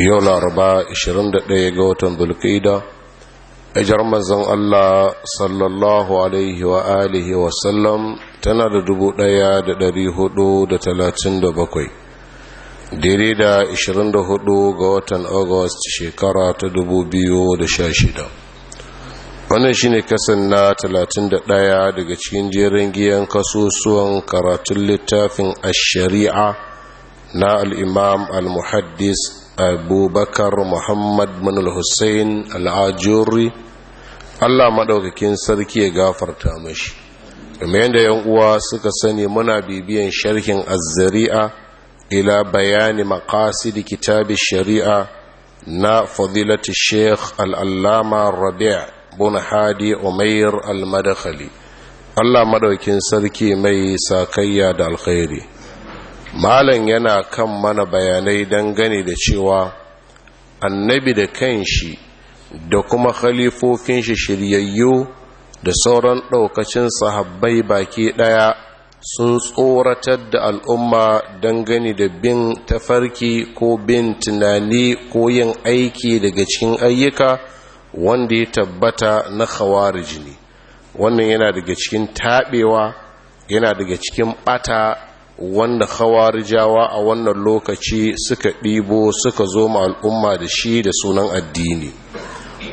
yau laraba 21 ga watan bulkida a Zan Allah sallallahu alaihi wa alihi wasallam tana da 1437 daidai da 24 ga watan agust shekara ta 2016 wannan shi ne kasan na 31 daga cikin jerin giyan kasusuwan karatun littafin ashari'a na al'imam al-muhaddis abubakar muhammad manul hussein al'ajuri allah maɗaukakin sarki ya gafarta mashi kamar da yan uwa suka sani muna bibiyan sharhin azzari'a ila bayani maqasid kitabin shari'a na fadilati sheikh al'allama rabi' Bun hadi umair al-madakhali allah maɗaukin sarki mai sakayya da alkhairi malam yana kan mana bayanai dangane da cewa annabi da kanshi da kuma khalifofin shi shiryayyu da sauran ɗaukacin sahabbai baki ɗaya sun tsoratar da al'umma dangane da bin tafarki ko bin tunani ko yin aiki daga cikin ayyuka wanda ya tabbata na khawarij ne wannan yana daga cikin taɓewa yana daga cikin ɓata wanda khawarijawa a wannan lokaci suka ɗibo suka zo ma al'umma da shi da sunan addini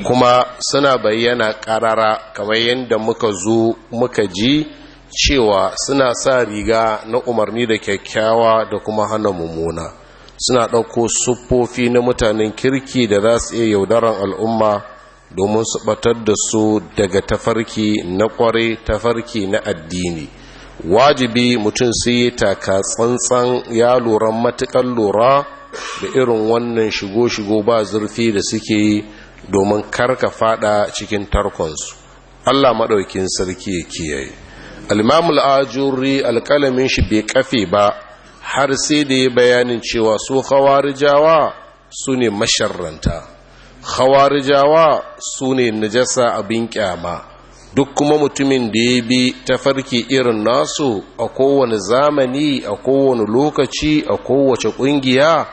kuma suna bayyana ƙarara kamar yadda muka zo muka ji cewa suna sa riga na umarni da kyakkyawa da kuma hana mummuna suna ɗauko siffofi na mutanen kirki da za su iya yaudaran al'umma domin su ɓatar da su daga tafarki na ƙwarai tafarki na addini wajibi mutum sai ya taka tsantsan ya lura matukan lura da irin wannan shigo-shigo ba zurfi da suke yi domin karka fada cikin tarkonsu allah maɗaukin sarki ya kiyaye alimamul ajuri alkalamin shi bai kafe ba har sai da ya bayanin cewa su hawarijawa su ne masharranta hawarijawa su ne najasa abin kyama duk kuma mutumin da ya bi tafarki irin nasu a kowane zamani a kowane lokaci a kowace ƙungiya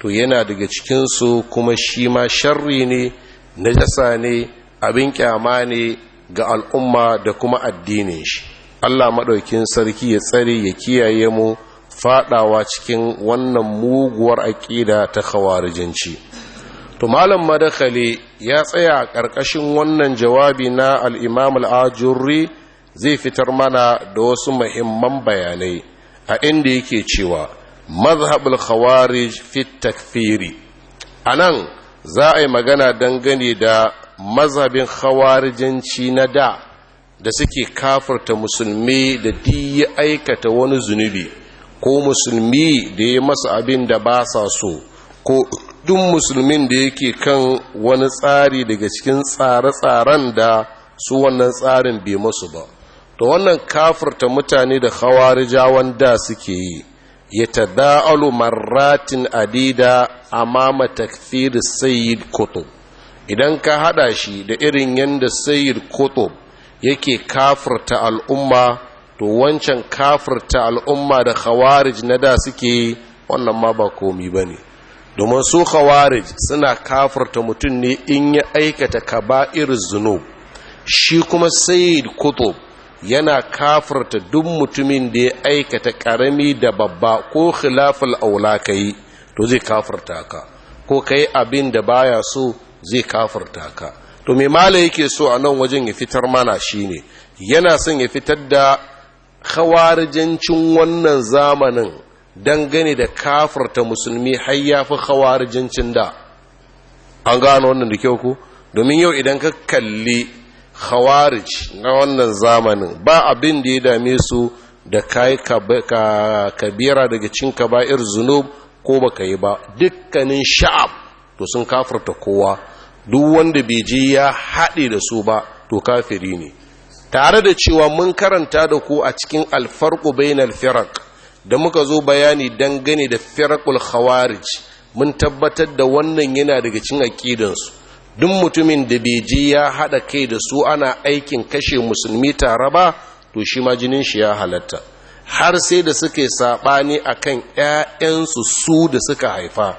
to yana daga cikinsu kuma shi ma sharri ne najasa ne abin kyama ne ga al'umma da kuma addinin shi allah maɗaukin sarki ya tsare ya kiyaye mu faɗawa cikin wannan muguwar aƙida ta khawarijinci to malam madakhali ya tsaya a ƙarƙashin wannan jawabi na al-imam al zai fitar mana da wasu mahimman bayanai a inda yake cewa mazhabul khawarij fi takfiri anan za a yi magana dangane da mazhabin khawarijanci na da da suke kafirta musulmi da diya aikata wani zunubi ko musulmi da ya masa abin da ba sa so ko duk musulmin da yake kan wani tsari daga cikin tsare-tsaren da su wannan tsarin bai masu ba to wannan kafurta mutane da jawon da suke yi ya tada'alu maratin adida amama takfir sayyid koto idan ka hada shi da irin yanda sayyid koto yake kafurta al'umma to wancan kafurta al'umma da khawarij na da suke wannan ma ba komi ba ne. domin su khawarij suna kafarta mutum ne in ya aikata kaba'ir zunub shi kuma sayyid kutub yana kafarta duk mutumin da ya aikata karami da babba ko khilaful aula kai to zai kafarta ka ko kai abin da baya so zai kafarta ka to mai mala yake so a nan wajen ya fitar mana shi ne, yana son ya fitar da khawarijancin wannan zamanin dangane da kafarta musulmi har ya fi khawarijancin da an gano wannan da kyau ku domin yau idan ka kalli khawarij na wannan zamanin ba abin da ya dame su da kai kabira daga cin kaba'ir zunub ko ba ka yi ba dukkanin sha'ab to sun kafarta kowa duk wanda bai je ya haɗe da su ba to kafiri ne tare da cewa mun karanta da ku a cikin alfarƙu bainal firaq da muka zo bayani dangane da firakul khawarij mun tabbatar da wannan yana daga cin aƙidansu duk mutumin da beji ya haɗa kai da su ana aikin kashe musulmi tare ba to shi ma jinin shi ya halatta har sai da suke saɓani a kan ‘ya'yansu su da suka haifa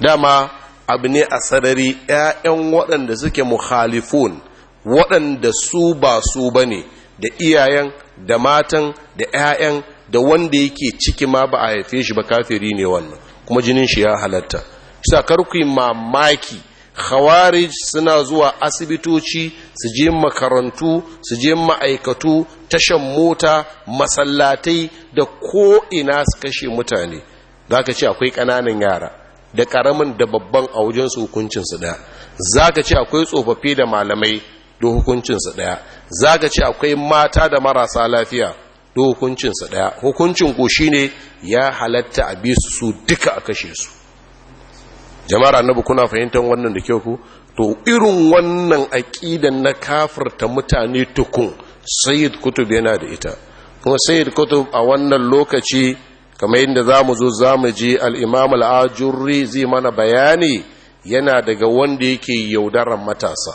dama abu ne a sarari ‘ya'yan waɗanda suke muhalifun waɗanda su ba su ba da iyayen da matan da ‘ya'yan da wanda yake ciki ma ba a haife shi ba kafiri ne wannan kuma jinin shi ya halatta sa kui mamaki khawarij suna zuwa asibitoci su je makarantu su je ma'aikatu tashan mota masallatai da ko ina su kashe mutane zaka ce akwai ƙananan yara da karamin da babban a wajen su hukuncin su ɗaya zaka ce akwai tsofaffi da malamai da hukuncinsu ɗaya zaka ce akwai mata da marasa lafiya duk hukuncinsa ɗaya hukuncin ko shine ya halatta a bisu su duka a kashe su jama'ar annabi kuna fahimtar wannan da kyau ku to irin wannan aƙidan na kafirta mutane tukun sayyid kutub yana da ita kuma sayyid kutub a wannan lokaci kamar yadda za mu zo za mu ji al'imam al'ajurri zai mana bayani yana daga wanda yake yaudarar matasa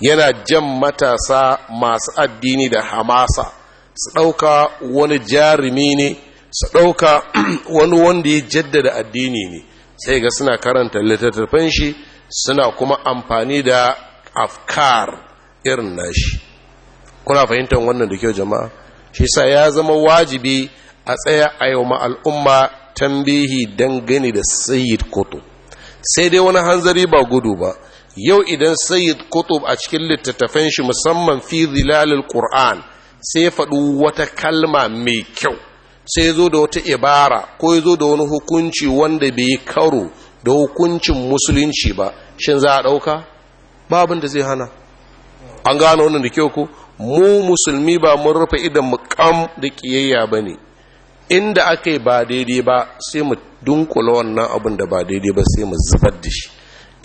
yana jan matasa masu addini da hamasa su ɗauka wani jarumi ne su ɗauka wani wanda ya jaddada addini ne sai ga suna karanta littattafan shi suna kuma amfani da afkar irin nashi kuna fahimtar wannan da kyau jama'a shi sa ya zama wajibi a tsaya a yau al'umma tambihi dangane da sayid kutub sai dai wani hanzari ba gudu ba yau idan sayyid kutub a cikin littattafan shi musamman fi zilalil qur'an sai ya faɗi wata kalma mai kyau sai ya zo da wata ibara ko ya zo da wani hukunci wanda bai karo da hukuncin musulunci ba shin za a ɗauka babin da zai hana an gano wannan da kyau ko mu musulmi ba mun rufe idan mu kam da ƙiyayya ba ne inda aka yi ba daidai ba sai mu dunkula wannan abin da ba daidai ba sai mu zubar da shi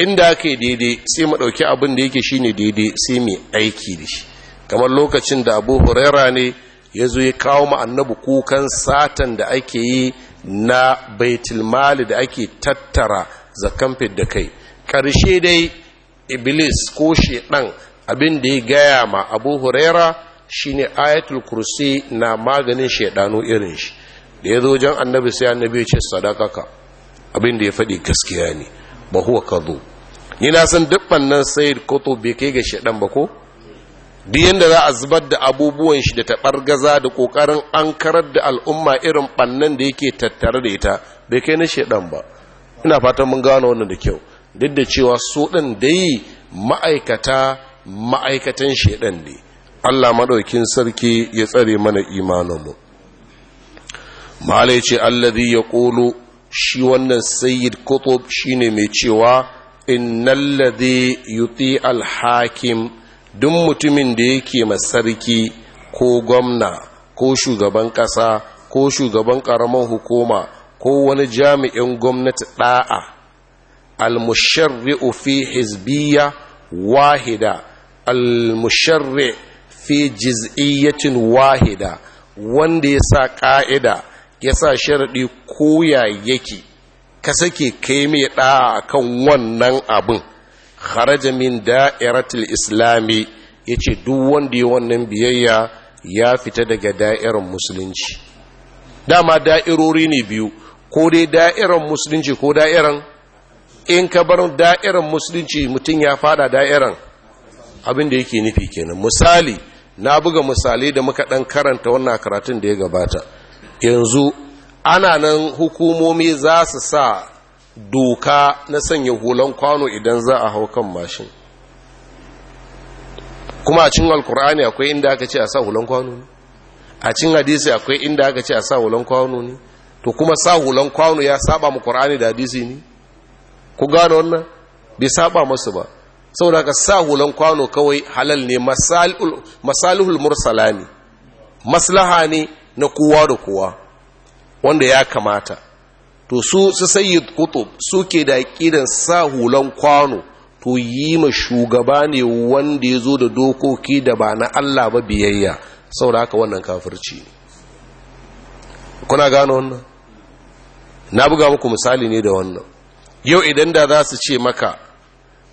inda aka yi daidai sai mu ɗauki abin da yake shine daidai sai mu aiki da shi kamar lokacin da abu huraira ne ya zo ya kawo ma annabi kukan satan da ake yi na baitulmali da ake tattara zakan da kai ƙarshe dai iblis ko shedan abin da ya gaya ma abu huraira shine ayatul kursi na maganin shedanu irin shi da ya zo wajen annabi sai annabi ya ce sadakaka abin da ya faɗi gaskiya ne ba huwa ka ni na san dubban nan sai kotu bai kai ga shedan ba ko duk yadda za a zubar da abubuwan shi da gaza da ƙoƙarin an karar da al'umma irin ɓannan da yake tattare da ita bai kai na shaidan ba ina fatan mun gano wannan da kyau duk da cewa su ɗin yi ma'aikata ma'aikatan shaidan ne allah maɗaukin sarki ya tsare mana imaninmu malai ce allazi ya ƙolo shi wannan sayyid kutub shine mai cewa innallazi yuti alhakim duk mutumin da yake masarki ko gwamna ko shugaban ƙasa ko shugaban ƙaramin hukuma ko wani jami'in gwamnati ɗa'a al fi hizbiya wahida al fi jiz'iyyatin wahida wanda ya sa ƙa'ida ya sa sharaɗi koya yake ka sake kai mai ɗa'a kan wannan abin kharaja min da'iratul islami yace duk wanda ya wannan biyayya ya fita daga da'irar musulunci dama da'irori ne biyu ko dai da'irar musulunci ko da'irar in ka bar da'irar musulunci mutum ya fada da'irar abin da yake nufi kenan misali na buga misalai da muka dan karanta wannan karatun da ya gabata yanzu ana nan hukumomi za su sa doka na sanya hulon kwano idan za a hau kan mashin kuma a cin alkur'ani akwai inda aka ce a sa hulon kwano ne a cin hadisi akwai inda aka ce a sa hulon kwano ne to kuma sa hulon kwano ya saba mu qur'ani da hadisi ne ku gano wannan bai saba masu ba saboda ka sa hulon kwano kawai halal ne masaluhul mursalani maslaha ne na kowa da kowa wanda ya kamata to su su sayyid kutub suke da kidan sa hulan kwano to yi ma shugaba ne wanda ya zo da dokoki da ba na Allah ba biyayya saboda haka wannan kafirci ne kuna gano wannan na buga muku misali ne da wannan yau idan da za su ce maka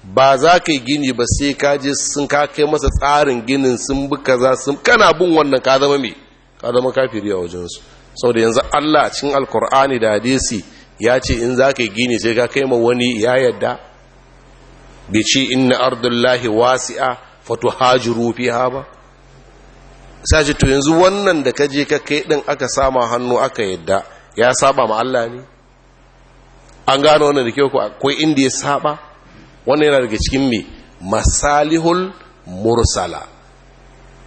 ba za ka gini ba sai ka je sun ka kai masa tsarin ginin sun bi kaza sun kana bin wannan ka zama me ka zama kafiri a wajensu sau da yanzu allah cin alkur'ani da hadisi ya ce in za ka gini sai ka kai ma wani ya yadda bai ce inna ardullahi wasi'a fatu rufi ha ba sai to yanzu wannan da ka je ka kai din aka sama hannu aka yadda ya saba ma Allah ne an gano wannan da kyau akwai inda ya saba wannan yana daga cikin mai, masalihul mursala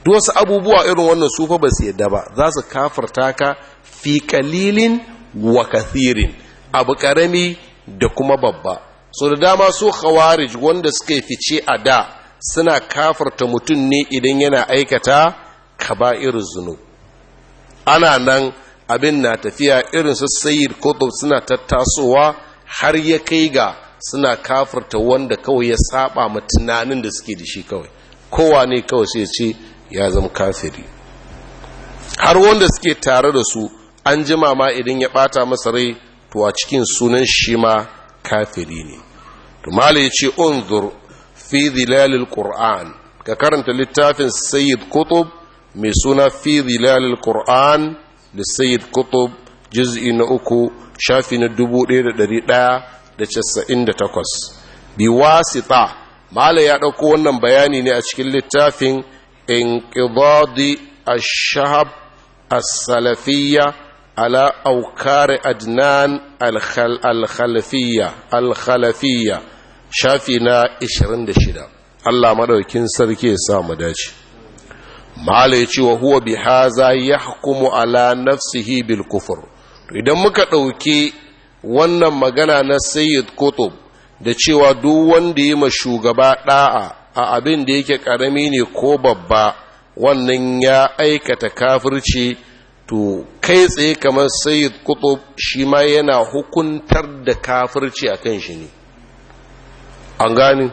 duk wasu abubuwa irin wannan sufa ba su yadda ba za su kafarta ka fi kalilin wa kathirin abu karami da kuma babba so da dama su khawarij wanda suka fice a da suna kafarta mutum ne idan yana aikata irin zunub ana nan abin na tafiya irin su sayyid kotob suna tattasowa har ya kai ga suna kafarta wanda kawai ya saba ma tunanin da suke da shi kawai kowa ne kawai sai ce ya zama kafiri har wanda suke tare da su an jima ma idan ya bata masa rai to a cikin sunan shi ma kafiri ne to mala ya ce unzur fi zilalil qur'an ka karanta littafin sayyid kutub mai suna fi zilalil qur'an da sayyid kutub juz'i na uku shafi na dubu ɗaya ɗaya da da casa'in da bi wasita mala ya ɗauko wannan bayani ne a cikin littafin انقضاض الشهب السلفية على أوكار أدنان الخل الخلفية الخلفية شافنا إشرند شدا الله مدوكين سركي سامداش mala ya ce wa huwa bi ya hukumu ala nafsihi kufur idan muka ɗauki wannan magana na sayyid kutub da cewa duk wanda yi ma shugaba ɗa'a a abin da yake ƙarami ne ko babba wannan ya aikata kafirci to kai tsaye kamar sayid kutub shi ma yana hukuntar da kafirci a kan shi ne an gani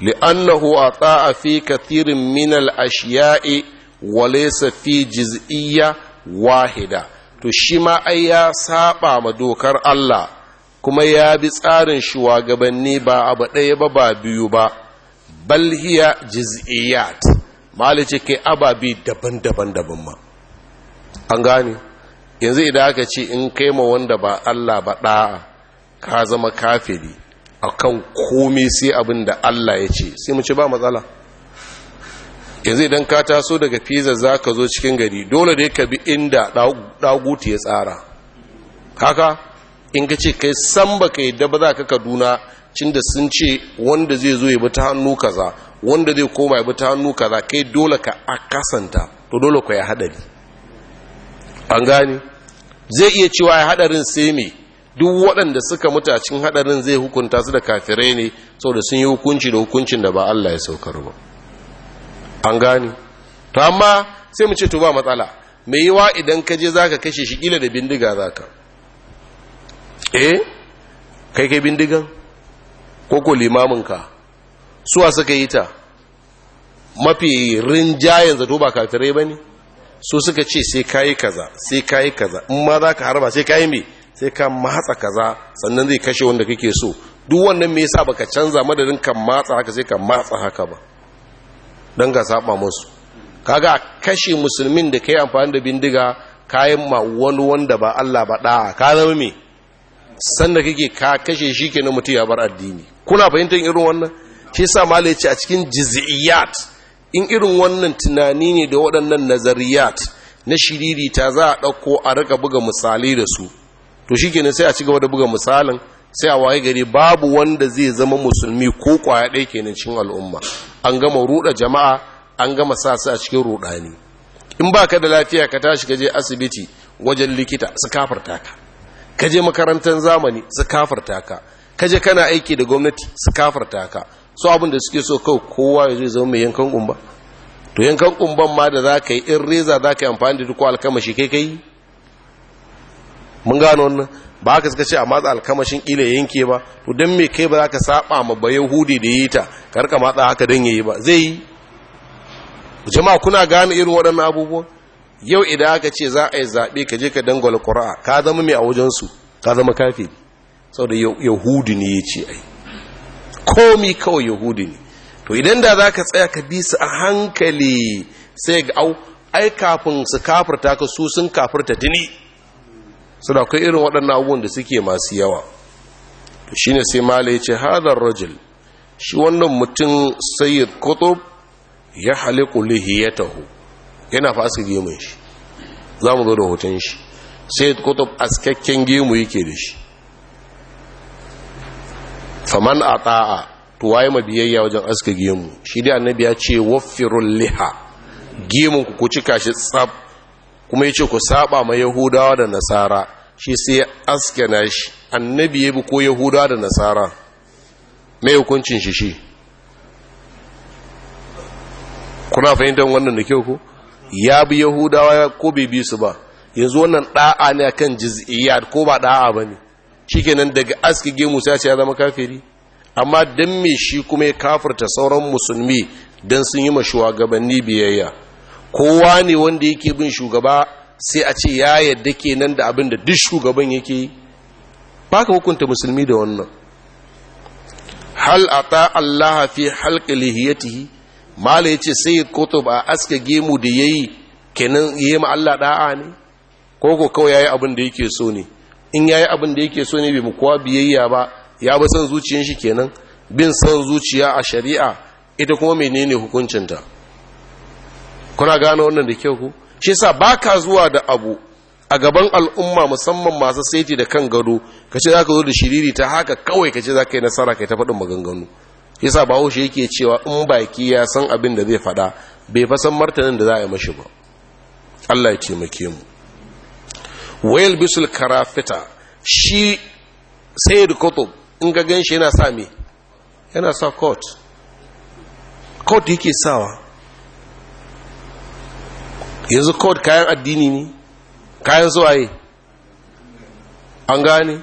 li'annahu a ta'a fi kathirin minal ashiya'i sa fi jiz'iyya wahida to shi ma ai ya saba ma dokar Allah kuma ya bi tsarin shugabanni ba abu ɗaya ba ba biyu ba bal hiya jiz'iyat malice kai ababi daban-daban daban ma an gane yanzu idan aka ce in kai ma wanda ba Allah ba ɗa'a ka zama kafiri akan komai sai abinda Allah ya ce sai mu ce ba matsala yanzu idan ka taso daga pizza za ka zo cikin gari dole dai ka bi inda ɗagutu ya tsara haka in ka ce kai san baka ka yadda ba za ka kaduna cin da sun ce wanda zai zo ya bi ta hannu kaza wanda zai koma ya ta hannu kaza kai dole ka a kasanta, to dole ku ya hadari an gani zai iya cewa ya hadarin sai me duk waɗanda suka mutacin hadarin zai hukunta su da kafirai ne saboda sun yi hukunci da hukuncin da ba Allah ya saukar ba an gani to amma sai mu ce to ba matsala me yiwa idan ka je zaka kashe shi kila da bindiga zaka eh kai kai bindigan ko ko limaminka suwa suka yi ta mafi rinjayen zato ba kafirai ba ne su suka ce sai kayi kaza sai kayi kaza in ma za ka harba sai kayi mai sai ka matsa kaza sannan zai kashe wanda kake so duk wannan me sa baka canza madadin kan matsa haka sai ka matsa haka ba don masu. saba musu kaga kashe musulmin da ka yi amfani da bindiga kayan ma wani wanda ba Allah ba ɗaya. ka zama mai? sanda kake ka kashe shi na mutum ya bar addini kuna fahimtar irin wannan shi sa ma a cikin jiz'iyat in irin wannan tunani ne da waɗannan nazariyat na shiririta za a ɗauko a rika buga misalai da su to shi kenan sai a ci gaba da buga misalin sai a waye gari babu wanda zai zama musulmi ko kwaya ɗaya kenan cikin al'umma an gama ruɗa jama'a an gama sa su a cikin ruɗani in ba ka da lafiya ka tashi ka je asibiti wajen likita su kafarta ka ka je makarantar zamani su kafarta ka kaje kana aiki da gwamnati su kafarta ka so abin da suke so kawai kowa ya zai zama mai yankan kumba to yankan kumban ma da za ka yi in reza za ka yi amfani da duk alkamashi kai kai mun gano wannan ba ka suka ce a matsa alkamashin kila yanke ba to don me kai ba za ka saba ma ba yahudi da yi ta karka matsa haka don yayi ba zai yi jama'a kuna gane irin waɗannan abubuwa yau idan aka ce za a yi zaɓe ka je ka dangwala ƙura'a ka zama mai a wajensu ka zama kafiri da yahudi ne ya ce ai komi kawai yahudi ne to idan da za ka tsaya ka bi su a hankali sai ga au ai kafin su kafirta ka su sun kafirta dini. suna kai irin waɗannan abubuwan da suke masu yawa to shine sai mala ya ce hadar rajul shi wannan mutum sayyid kutub ya haliku lihiyatahu yana fa aska gemun shi za mu zo da hoton shi sayyid kutub askakken gemu yake da shi faman a to waye ma biyayya wajen aska gemu shi dai annabi ya ce waffirul liha gemun ku ku cika shi tsab kuma ya ce ku saba ma yahudawa da nasara shi sai aske na shi annabi ya bi ko yahudawa da nasara mai hukuncin shi shi kuna fahimtar wannan da kyau ku, ya bi yahudawa ko bai bi su ba yanzu wannan da'a ne akan jiz'iyat ko ba da'a bane shikenan daga aski gemu sai ce ya zama kafiri amma dan me shi kuma ya kafarta sauran musulmi dan sun yi ma shugabanni biyayya kowa ne wanda yake bin shugaba sai a ce ya yadda kenan da abin da duk shugaban yake yi baka hukunta musulmi da wannan hal ata Allah fi halqi lihiyatihi mala yace sai kutub a aska gemu da yayi kenan yayi ma Allah da'a ne ko ko kawai yayi abin da yake so ne in ya yi abin da yake so ne bai kowa biyayya ba ya bi son zuciyar shi kenan bin son zuciya a shari'a ita kuma menene hukuncinta kuna gano wannan da kyau ku shi ba baka zuwa da abu a gaban al'umma musamman masu saiti da kan gado ka ce za ka zo da shiriri ta haka kawai ka ce za ka yi nasara ka ta faɗin maganganu ba bahaushe yake cewa in baki ya san abin da zai faɗa bai fasan martanin da za a yi mashi ba allah ya taimake mu wayal bisul karafita shi da kutub in ga ganshi yana sa me yana sa court court yake sawa yanzu court kayan addini ne kayan zuwaye an gane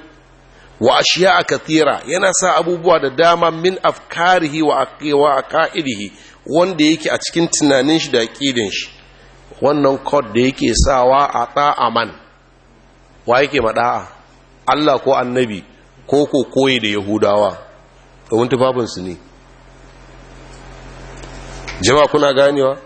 wa ashiya a kathira yana sa abubuwa da dama min afkarihi wa a aqaidihi wanda yake a cikin tunanin shi da aqidin shi wannan code da yake sawa a man wa yake maɗa'a Allah ko annabi ko ko koyi da yahudawa domin tufafinsu ne jama'a kuna ganewa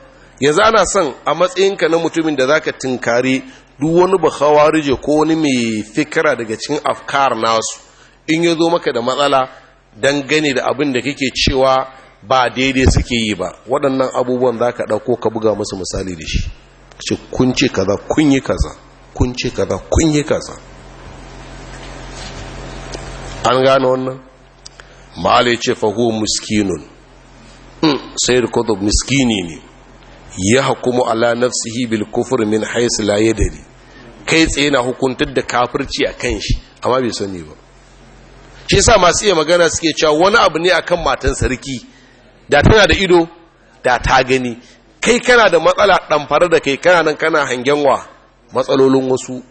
yanzu ana son a matsayinka na mutumin da zaka tinkari duk wani bakhawarije ko wani mai fikira daga cikin afkar nasu in ya zo maka da matsala don gane da abin da kake cewa ba daidai suke yi ba waɗannan abubuwan za ka ɗauko ka buga musu misali da shi ce kun ce kaza kun yi kaza kun ce kaza kun yi kaza an gane wannan ma'ala ya ce fahu miskinun mm, sai da miskini ne ya hukumu ala nafsihi bil kufur min haisu la dari kai tsaye na hukuntar da kafirci a kan shi amma bai sani ba shi sa masu iya magana suke cewa wani abu ne akan matan sarki da tana da ido da ta gani kai kana da matsala ɗamfara da kai kana nan kana hangen wa matsalolin wasu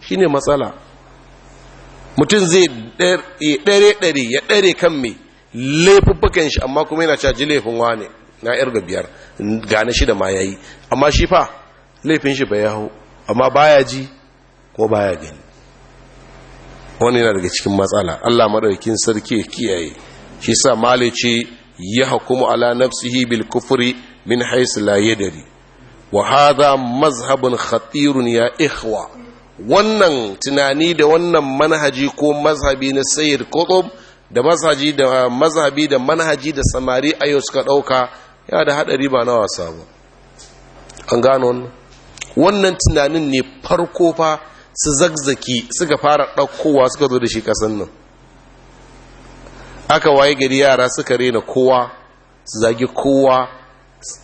shi ne matsala mutum zai ɗare-ɗare ya ɗare kan mai laifin shi amma kuma yana caji laifin wane na yar da biyar gane shi da ma ya yi. amma shi fa laifin shi bai yaho amma baya ji ko baya gani wani yana daga cikin matsala Allah maɗaukin sarki kiyaye shi sa malice ya hakumu ala nafsihi bil kufuri min haisu laye dari wa mazhabin mazhabun khatirun ya ikhwa wannan tunani da wannan manhaji ko mazhabi na sayyid qutb da mazhaji da mazhabi da manhaji da samari a suka dauka ya da hadari ba na wasa ba an gano wannan wannan tunanin ne farko fa su zagzaki suka fara ɗaukowa suka zo da shi kasan nan aka waye gari yara suka rena kowa su zagi kowa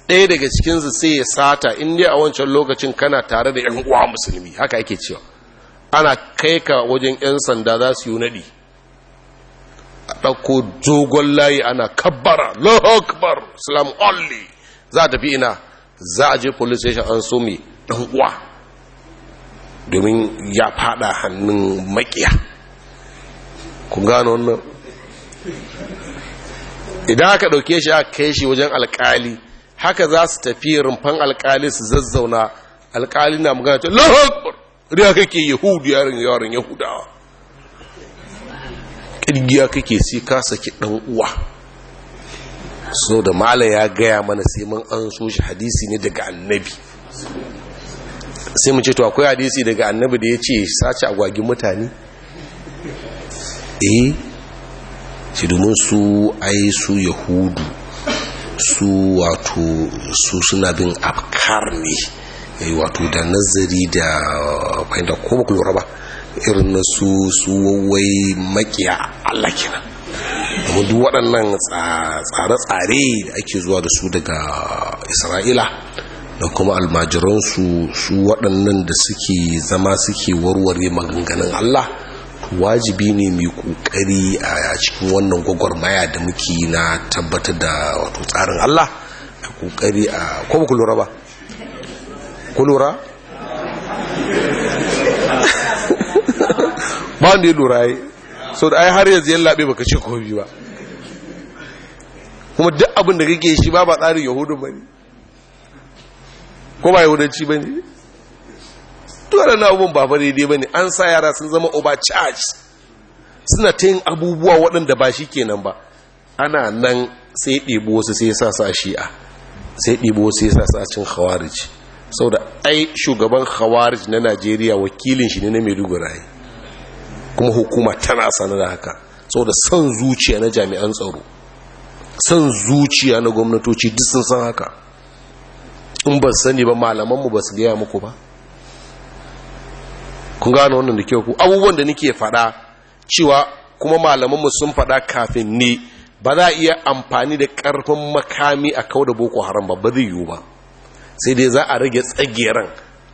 ɗaya daga cikinsu sai ya sata in inda a wancan lokacin kana tare da ‘yan uwa musulmi haka ake cewa ana kai ka wajen ‘yan sanda za su yi naɗi a ɗauko dogon layi ana kabbara lokbar islam only za a tafi ina za a je police station an so mai ɗan uwa domin ya fada hannun makiya kun gano wannan idan aka ɗauke shi aka kai shi wajen alkali haka za su tafi rumfan alkali su zazzauna alkali na magana ta lahakbar riya kake yahudu yaron yaron yahudawa ƙirgiya kake sai ka saki ɗan uwa so da mala ya gaya mana sai mun an so shi hadisi ne daga annabi sai mu ce to akwai hadisi daga annabi da ya ce sace agwagin mutane eh shi domin su ai su yahudu su wato su suna bin afkar ne eh, wato da nazari da fahimta eh, ko ba ku lura ba irin na su su wawai makiya Allah kenan domin duk waɗannan tsare-tsare da ake zuwa da su daga isra'ila da kuma almajiransu su waɗannan da suke zama suke warware maganganun Allah wajibi ne mai kokari a cikin wannan gwagwarmaya da muke na tabbatar da wato tsarin Allah a kokari a ko ku lura ba ku lura ba wanda ya lura yi so da ai har yanzu yan labe baka ce kobi ba kuma duk abin da kake shi ba ba tsarin yahudu bane ko ba yahudanci bane Dole na abubuwan ba fa daidai ba ne an sa yara sun zama overcharge suna ta yin abubuwa waɗanda ba shi kenan ba ana nan sai ɗebo wasu sai sa sa shi'a sai ɗebo wasu sai sa sa cin khawarij saboda ai shugaban khawarij na najeriya wakilin shi ne na maiduguri kuma hukuma tana sanar da haka da son zuciya na jami'an tsaro son zuciya na gwamnatoci duk sun san haka in ba sani ba malamanmu ba su gaya muku ba kun gano wannan da kyau abubuwan da nake faɗa cewa kuma malamanmu sun faɗa kafin ni ba za a iya amfani da ƙarfin makami a kau da boko haram ba ba zai yiwu ba sai dai za a rage tsageren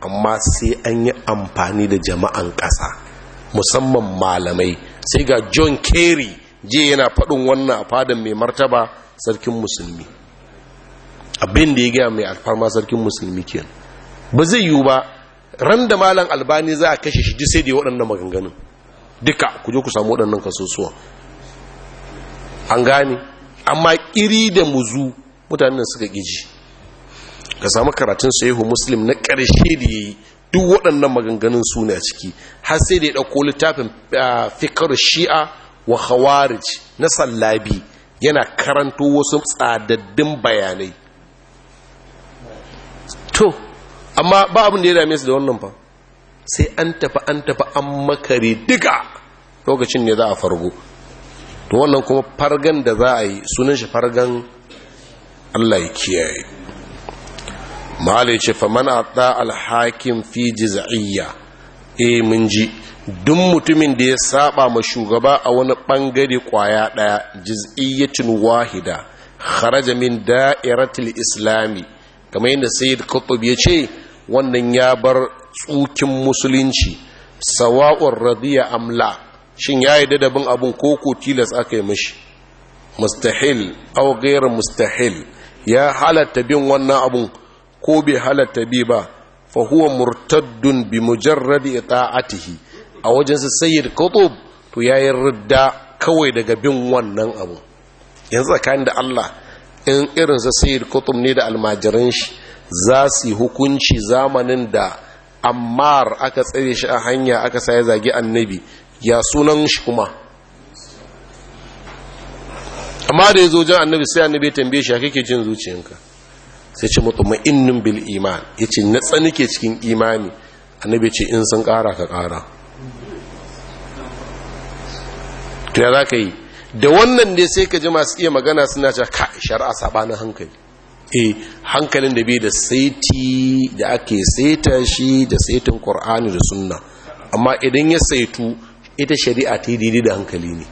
amma sai an yi amfani da jama'an ƙasa musamman malamai sai ga john kerry je yana faɗin wannan a fadan mai martaba sarkin musulmi abin ya gaya mai alfarma sarkin musulmi kenan ba zai yiwu ba ran da malam albani za a kashe shi sai da waɗannan maganganun duka ku je ku samu waɗannan kasusuwa. an gane amma ƙiri da muzu mutanen suka giji ka samu karatun sahihu muslim na ƙarshe da ya yi duk waɗannan maganganun su ne a ciki har sai da ya ɗauko littafin ah, fikar shi'a wa khawarij na sallabi yana karanto wasu tsadaddun bayanai to amma ba abin da ya dame su da wannan fa sai an tafi an tafi an makare duka lokacin ne za a fargo to wannan kuma fargan da za a yi sunan shi fargan Allah ya kiyaye mahalai ce fa man'a ata alhakin fi jiz'iyya eh mun ji duk mutumin da ya saba ma shugaba a wani bangare kwaya daya jiz'iyyatin wahida kharaja min da'iratul islami kamar yadda sayyid qutb ya ce wannan ya bar tsukin musulunci sawa'un radiya amla shin ya yi dadabin abin koko tilas aka yi mashi mustahil au gairar mustahil ya halatta bin wannan abin ko bai halatta bi ba fa huwa murtaddun bi mujarradi ta'atihi a wajen su sayyid qutub to yayin ridda kawai daga bin wannan abu yanzu tsakanin da Allah in irin sa sayyid qutub ne da almajiran shi za su hukunci zamanin da ammar aka tsare shi a hanya aka sai zage zagi annabi ya sunan shi kuma amma da ya zo jin annabi sai annabi ya tambaye shi ya kake jin zuciyanka sai ce mutum innin bil iman ya ce na tsanike cikin imani annabi ce in sun kara ka kara to ya za ka yi da wannan ne sai ka ji masu iya magana suna ce ka shari'a saɓanin hankali E, hankalin da bai da saiti da ake saita shi da saitin qur'ani da sunna amma idan ya saitu ita shari'a ta daidai da hankali ne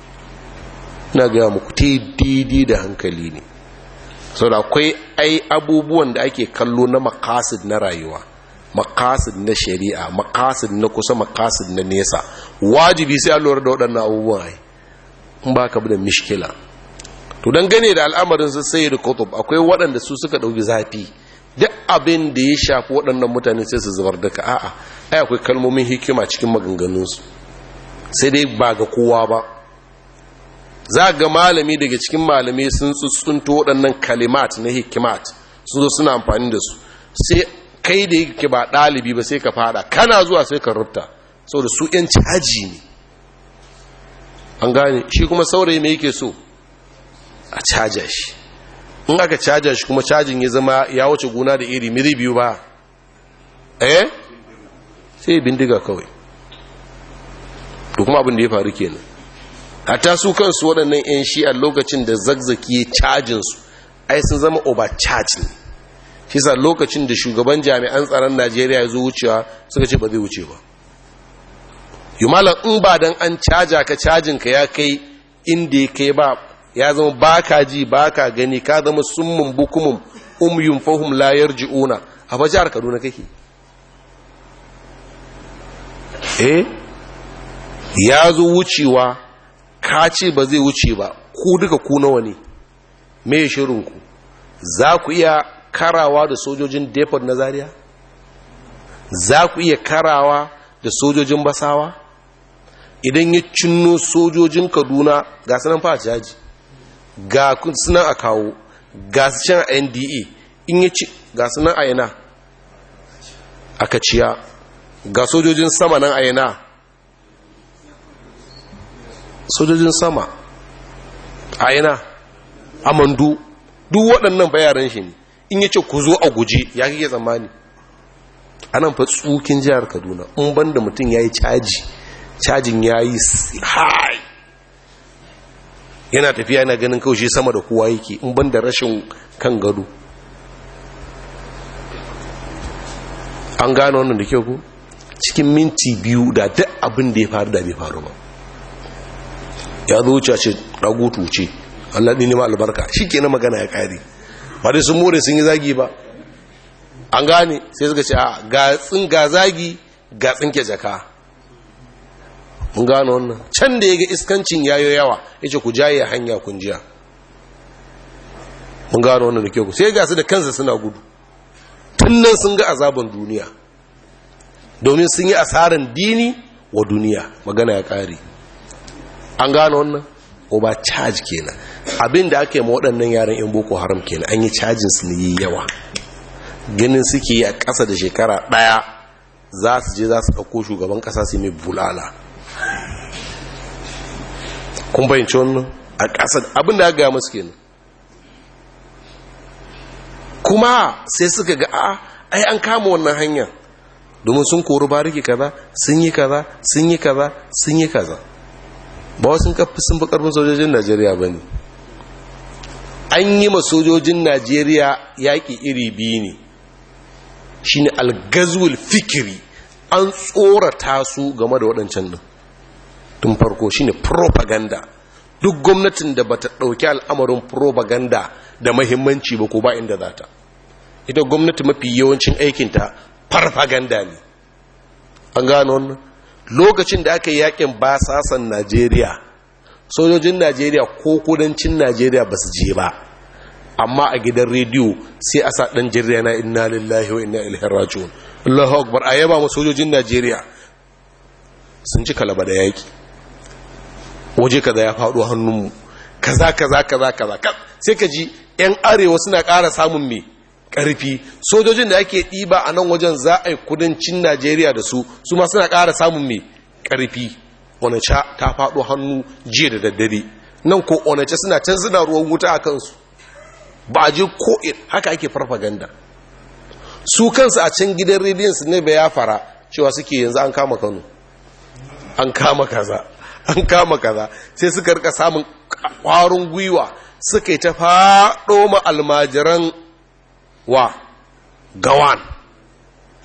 ina ga muku ta daidai da hankali ne da akwai ai abubuwan da ake kallo na makasid na rayuwa makasid na shari'a makasid na kusa makasid na nesa wajibi sai a da waɗannan abubuwan ai in ba ka bi da mishkila to don gane da al'amarin su sai da kutub akwai waɗanda su suka ɗauki zafi duk abin da ya shafi waɗannan mutane sai su zubar ka a'a ai akwai kalmomin hikima cikin maganganunsu sai dai ba ga kowa ba za ga malami daga cikin malami sun tsuntsunto waɗannan kalimat na hikimat sun zo suna amfani da su sai kai da yake ba ɗalibi ba sai ka fada kana zuwa sai ka rubta saboda su 'yan caji ne an gane shi kuma saurayi mai yake so a caja shi in aka caja shi kuma cajin ya zama ya wuce gona da iri miri biyu ba eh sai bindiga kawai to kuma abin da ya faru kenan hatta su kansu waɗannan 'yan shi a lokacin da zagzaki ya cajinsu ai sun zama overcharging ne shi sa lokacin da shugaban jami'an tsaron najeriya ya zo wucewa suka ce ba zai wuce ba yi malam in ba don an caja ka cajin ka ya kai inda ya kai ba ya zama ba ka ji ba ka gani ka zama summun bukumun umyun fahum layar ji'una a bajar Kaduna kake eh ya zo wucewa ka ce ba zai wuce ba ku duka ku nawa ne me shirin ku za ku iya karawa da sojojin depot na Zariya? za ku iya karawa da sojojin basawa idan ya cinno sojojin kaduna ga sanan fa jaji ga suna a kawo ga su can a nda e, in ya ci ga suna a yana a kaciya ga sojojin sama nan a yana sojojin sama a yana a mandu duk waɗannan bayaran shi ne in ya ce ku zo a guje ya kike tsammani a nan fa tsukin jihar kaduna in banda mutum ya yi caji cajin ya yi hai yana tafiya yana ganin kawai shi sama da kowa yake in ban da rashin kan gado an gano wannan da kyau ku cikin minti biyu da duk abin da ya faru da bai faru ba ya zo wuce ce ragu tuce Allah ne ma albarka shi ke na magana ya ƙari ba dai sun more sun yi zagi ba an gane sai suka ce a gatsin ga zagi gatsin ke jaka mun gano wannan can da ya ga iskancin yayo yawa ya ce ku jaye hanya kunjiya jiya mun gano wannan da kyau sai gasu da kansa suna gudu tun nan sun ga azaban duniya domin sun yi asarin dini wa duniya magana ya ƙare an gano wannan ba charge kenan abin da ake ma waɗannan yaran yan boko haram kenan an yi cajin su ne yawa ganin suke yi a ƙasa da shekara ɗaya za su je za su ɗauko shugaban ƙasa su yi mai bulala kun bayanci wannan a ƙasar abin da ya gaya masu kenan kuma sai suka ga a ai an kama wannan hanyar domin sun kori bariki kaza sun yi kaza sun yi kaza sun yi kaza ba wasu sun fi ƙarfin sojojin najeriya ba ne an yi ma sojojin najeriya yaƙi iri biyu ne shine algazul fikiri an tsorata su game da waɗancan nan tun farko shine propaganda duk gwamnatin da bata ɗauki al'amarin propaganda da mahimmanci ba ko ba inda za ta ita gwamnati mafi yawancin aikinta farfaganda ne an gano wannan lokacin da aka yi yakin basasan najeriya sojojin najeriya ko kudancin najeriya ba su je ba amma a gidan rediyo sai a sa ɗan jirya na inna lillahi wa inna ilaihi raji'un Allahu akbar a yaba ma sojojin Najeriya sun ci kalaba da yaki waje kaza ya faɗo hannunmu kaza kaza kaza kaza sai ka ji yan arewa suna ƙara samun me ƙarfi sojojin da ake ɗiba a nan wajen za a yi kudancin najeriya da su su ma suna ƙara samun mai ƙarfi onacha ta faɗo hannu jiya da daddare nan ko onacha suna can suna ruwan wuta a kansu ba a je ko haka ake farfaganda su kansu a can gidan rediyon su ne bai ya fara cewa suke yanzu an kama kano an kama kaza an kama kaza sai suka rika samun ƙwarin gwiwa suka ta faɗo ma almajiran wa gawan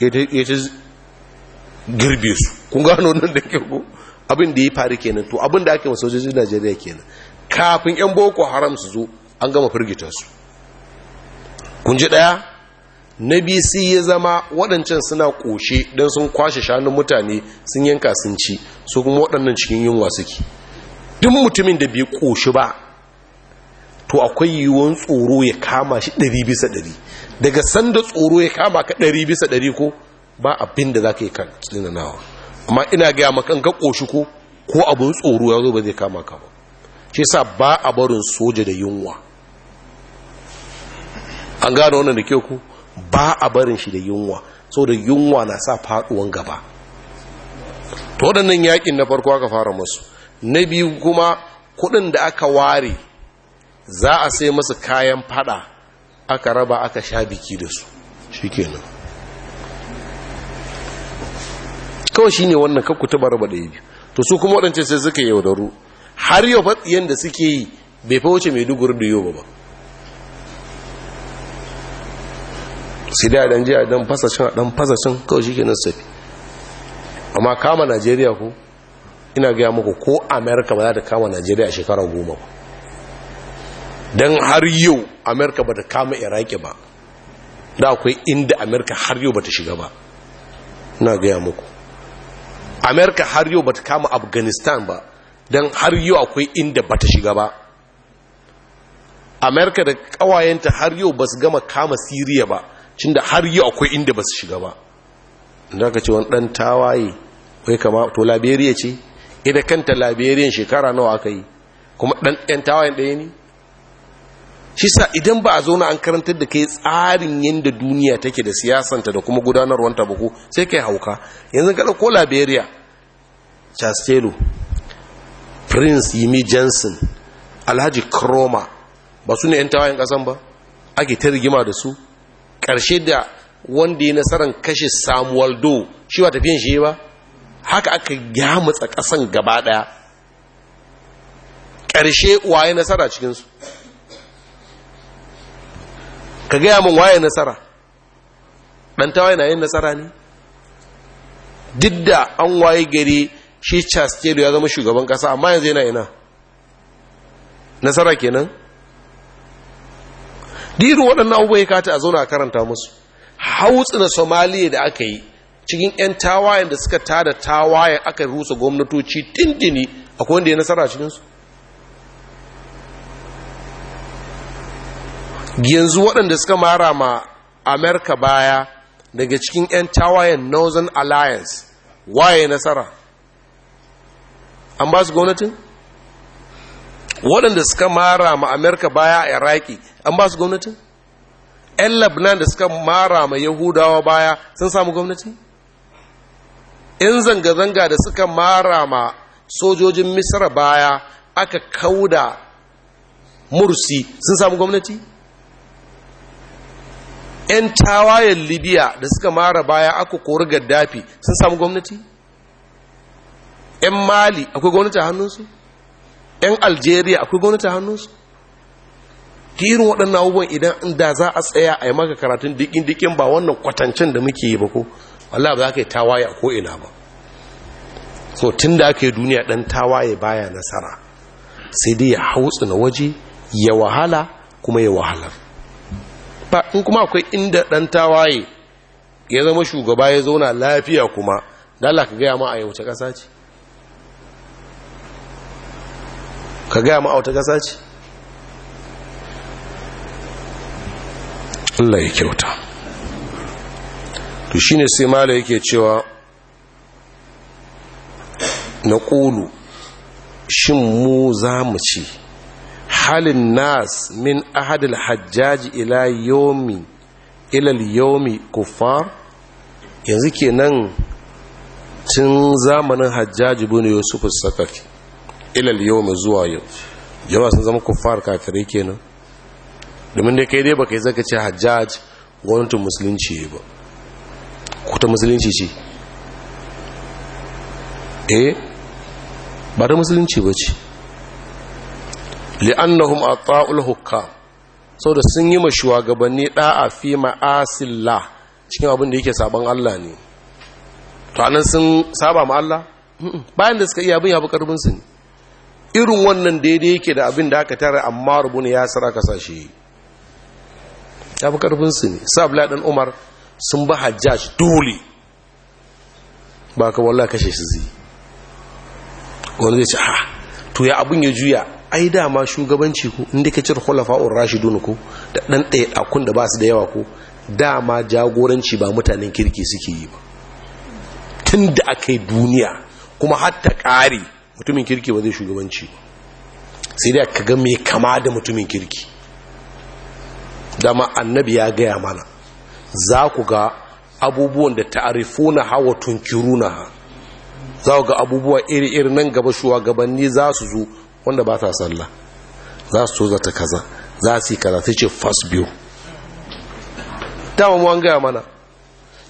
ya ta girbe su kun gano nan da ke ku abin da ya faru kenan to abin da ake masu sojojin najeriya kenan kafin 'yan boko haram su zo an gama firgita su kun ji ɗaya na biyu sai ya zama waɗancan suna ƙoshe don sun kwashe shanun mutane sun yanka sun ci su kuma waɗannan cikin yunwa suke duk mutumin da bai ƙoshi ba to akwai yiwuwan tsoro ya kama shi ɗari bisa ɗari daga sanda tsoro ya kama ka ɗari bisa ɗari ko ba abin da za ka yi kan tsinanawa amma ina gaya makan ka ƙoshi ko ko abin tsoro ya zo ba zai kama ka ba shi sa ba a barin soja da yunwa an gano wannan da kyau ku ba a barin shi da yunwa so da yunwa na sa faduwan gaba to waɗannan yakin na farko aka fara masu na biyu kuma kuɗin da aka ware za a sai musu kayan fada aka raba aka sha biki da su shikenan kawai shine wannan ta barba da biyu to su kuma waɗance sai suka yaudaru har yau fatsiyan da suke yi bai fa wuce mai dugurin da yau ba sai da dan jiya dan fasashin dan fasashin kawai shi nan safi amma kama najeriya ko ina gaya muku ko amerika ba za ta kama najeriya a shekara goma ba don har yau amerika ba ta kama iraki ba da akwai inda amerika har yau ba ta shiga ba ina gaya muku amerika har yau ba ta kama afghanistan ba don har yau akwai inda ba ta shiga ba amerika da kawayenta har yau ba su gama kama siriya ba cin da har yi akwai inda ba su shiga ba da ka ce wani ɗan tawaye wai kama to laberiya ce ita kanta laberiyan shekara nawa aka yi kuma ɗan ɗan tawayen ɗaya ne shi sa idan ba a zauna an karantar da kai tsarin yadda duniya take da siyasanta da kuma gudanarwanta ba ko sai kai hauka yanzu ka ko laberiya. chastelo prince yimi jensen alhaji kroma ba su ne 'yan tawayen ƙasan ba ake ta rigima da su ƙarshe da wanda ya nasarar kashe samuwal do shi ba tafiyan shi ba haka aka gyamutsa ƙasan gaba ɗaya ƙarshe waye nasara cikinsu ka gaya min waye nasara waye na yin nasara ne duk da an waye gari shi charles ya zama shugaban ƙasa amma yanzu yana ina nasara kenan diru waɗannan abubuwa ya kata a zauna a karanta musu hautsi na somaliya da aka yi cikin 'yan tawayen da suka tada tawayen aka rusa gwamnatoci tindini akwai wanda ya nasara cikinsu yanzu waɗanda suka mara ma amerika baya daga cikin 'yan tawayen northern alliance waye nasara an ba su gwamnatin waɗanda suka mara ma amerika baya a iraki an ba su gwamnatin 'yan labnan da suka mara ma yahudawa baya sun samu gwamnati 'yan zanga-zanga da suka mara ma sojojin misra baya aka kauda mursi sun samu gwamnati 'yan tawayen libya da suka mara baya aka kori gaddafi sun samu gwamnati 'yan mali akwai gwamnati a hannunsu 'yan algeria akwai gwamnati hannunsu yi waɗannan abubuwan idan da za a tsaya a yi maka karatun dikin-dikin ba wannan kwatancin da muke yi ba ko Allah ba za ka yi tawaye a ko'ina ba so tun da aka yi duniya ɗan tawaye baya nasara sai dai ya hautsu na waje ya wahala kuma ya wahalar ba in kuma akwai inda ɗan tawaye ya zama shugaba ya zauna lafiya kuma da Allah ka gaya ma a yi wuce ƙasa ce ka gaya ma kasa ce Allah ya kyauta to ne sai mala yake cewa na ƙulu shin mu za mu ci halin nas min ahadil hajjaji ila yomi ilal yomi kufar yanzu ke nan tun zamanin hajjaji ne Yusufu sakafi ilal yau mai zuwa yau jama'a sun zama kuffar kafirai kenan domin da kai dai baka yi zaka ce hajjaj gwamnatin musulunci ba ko ta musulunci ce eh ba ta musulunci ba ce li'annahum hukka sau da sun yi ma shugabanni da'a fi ma'asila cikin abin da yake saban Allah ne to anan sun saba ma Allah bayan da suka iya abin ya bi karbin su ne irin wannan daidai yake da abin da aka tara amma rubun ya tsara kasashe. ya fi karfinsu ne sabu ɗan umar sun ba hajjaj dole ba ka wallah kashe shi zai wani zai ce ha to ya abin ya juya ai dama shugabanci ku, inda ka cire Rashi dunu ku, da ɗan ɗaya ɗakun da ba su da yawa ko dama jagoranci ba mutanen kirki suke yi ba tun da aka yi duniya kuma hatta ƙari mutumin kirki ba zai shugabanci sai dai ka ga mai kama da mutumin kirki dama annabi ya gaya mana za ku ga abubuwan da ta'arifuna hawa tunkiruna ha za ku ga abubuwa iri-iri nan gaba gabanni za su zo wanda ba ta sallah za su zo ta kaza za su yi kaza sai ce fasbiyo dama mu an gaya mana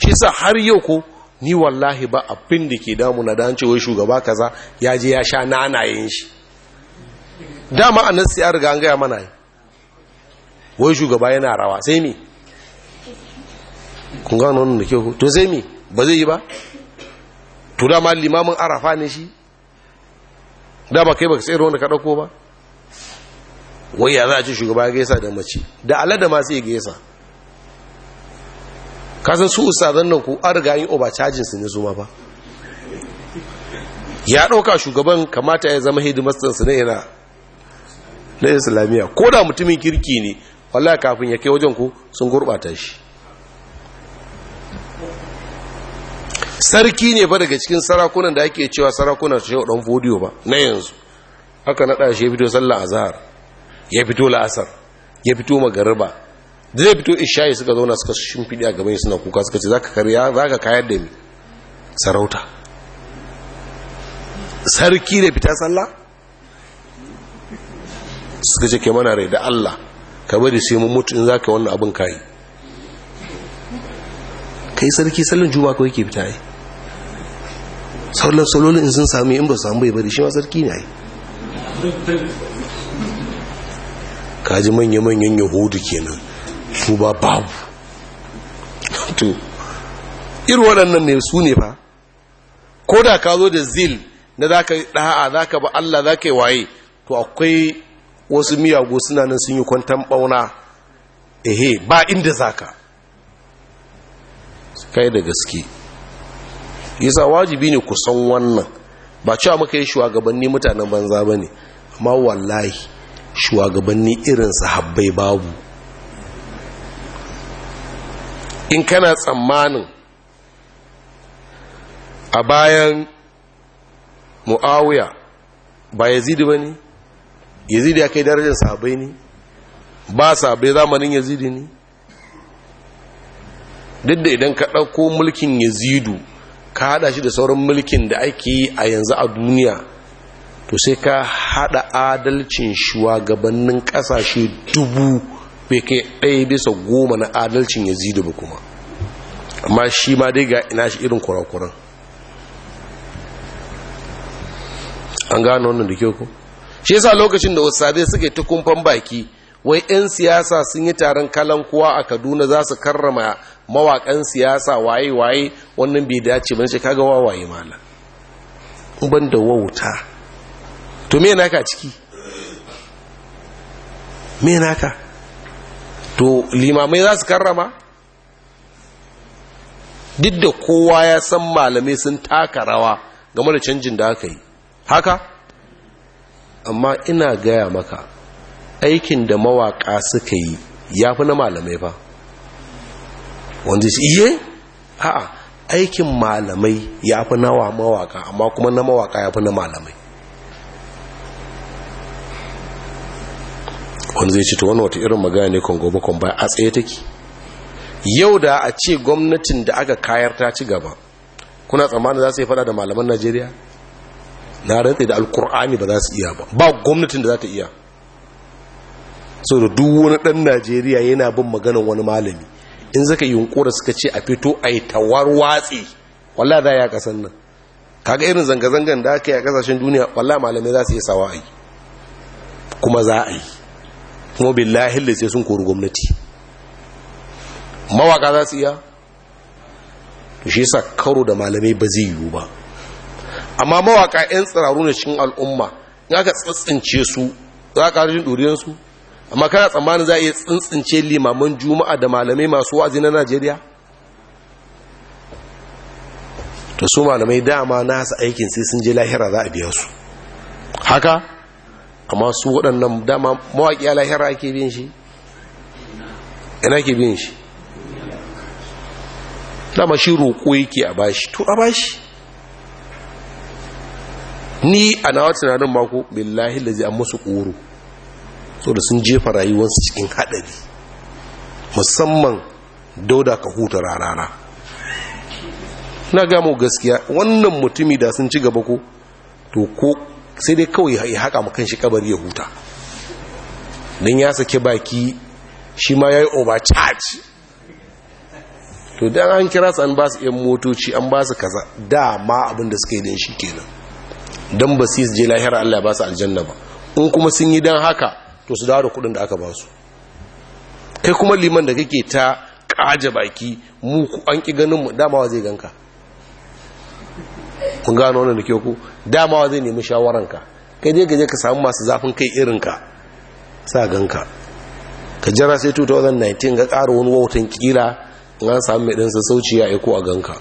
shi sa har yau ko ni wallahi ba abin da ke damu na dan wai shugaba kaza ya je ya sha nanayen shi dama a nan siyar ga an gaya mana wai shugaba yana rawa sai mi. kun gano wannan da kyau to sai mi ba zai yi ba to dama limamin arafa ne shi dama kai ka tsere wanda ka dauko ba wai ya za a ci shugaba gaisa da mace da da ma sai gaisa kasan su ustazan nan ku an riga yin overcharging su ne zuma ba ya ɗauka shugaban kamata ya zama hidimastansu su ne yana na islamiyya ko da mutumin kirki ne wallahi kafin ya kai wajen ku sun gurbata shi sarki ne ba daga cikin sarakunan da ake cewa sarakunan shi ɗan fodiyo ba na yanzu aka naɗa shi ya fito sallah azhar ya fito la'asar ya fito magariba da zai fito ishayi suka zauna suka shimfiɗi a gaban suna kuka suka ce za ka karya za ka kayar da mi sarauta sarki da fita sallah suka ce ke mana rai da allah ka bari sai mun mutu in za ka wannan abin kayi kai sarki sallin juma kawai ke fita yi sauran in sun sami in ba samu bai bari shi ma sarki ne yi kaji manya-manyan yahudu kenan su ba babu to irin waɗannan ne su ne ba ko da ka zo da zil na za ka ɗa'a za ka ba Allah za ka yi waye to akwai wasu miyagu suna nan sun yi kwantan ɓauna ehe ba inda za ka kai da gaske sa wajibi ne ku san wannan ba cewa maka yi shugabanni mutanen banza ba ne amma wallahi shugabanni irin sahabbai babu in kana tsammanin a bayan mu'awiya ba yazidi ba ne yazidi ya kai darajar sabai ne ba sabai zamanin yazidi ne duk da idan ka ɗauko mulkin yazidu ka haɗa shi da sauran mulkin da ake yi a yanzu a duniya to sai ka haɗa adalcin shugabannin ƙasashe dubu bai kai ɗaya bisa goma na adalcin ya zidu ba kuma amma shi ma dai ga ina shi irin kurakuran an gano wannan da kyau ku shi yasa lokacin da wasabe suke ta kumfan baki wai 'yan siyasa sun yi taron kalan kuwa a kaduna za su karrama mawakan siyasa waye-waye wannan bai dace ba shi kaga wawaye mala ban da wauta to me naka ciki me naka to limamai za su karrama duk da kowa ya san malamai sun taka rawa game da canjin da aka yi haka amma ina gaya maka aikin da mawaka suka yi ya fi na malamai ba wanda shi iye a'a aikin malamai ya fi na mawaka amma kuma na mawaka ya fi na malamai wanda zai ce ta wani wata irin magana ne kan gobe kan baya a tsaye take yau da a ce gwamnatin da aka kayar ta ci gaba kuna tsammanin za su yi fada da malaman najeriya na rantsi da alkur'ani ba za su iya ba ba gwamnatin da za ta iya sau da duk wani dan najeriya yana bin maganan wani malami in zaka yunkura suka ce a fito a yi tawar watsi Wala da ya kasan nan kaga irin zanga-zangan da aka yi a kasashen duniya Wala malamai za su yi sawa a yi kuma za a yi kuma billahi da sai sun kori gwamnati mawaka za su iya shi sa karo da malamai ba zai yiwu ba amma mawaka 'yan tsiraru ne cikin al'umma in aka tsintsince su za ka rajin ɗoriyarsu amma kana tsammanin za a iya tsintsince limaman juma'a da malamai masu wazi na najeriya Da su malamai dama nasa aikin sai sun je lahira za a biya su haka amma su waɗannan dama mawaƙi a ake bin shi ina ke bin shi dama shi roƙo yake a bashi to a bashi ni a nawa tunanin mako billahi da zai an musu ƙoro so da sun jefa rayuwarsu cikin haɗari musamman dauda ka huta rarara na gamo gaskiya wannan mutumi da sun ci gaba ko to ko sai dai kawai ya haƙa makan shi kabari ya huta don ya sake baki shi ma ya yi overcharge to don an kira su an ba su yan motoci an ba su kaza dama abinda suka yi don shi kenan don ba su yi je lahira allah ba su aljanna ba in kuma sun yi don haka to su dawo da kudin da aka ba su kai kuma liman da kake ta kaje baki mu an ki ganin mu dama wa zai ganka Kun gano wannan da ke ku dama zai nemi Ka kai dai gaje ka samu masu zafin kai irin ka. sa ganka ka jira sai 2019 ga ƙara wani wautan kila in an samu mai ɗansa sauci ya aiko a ganka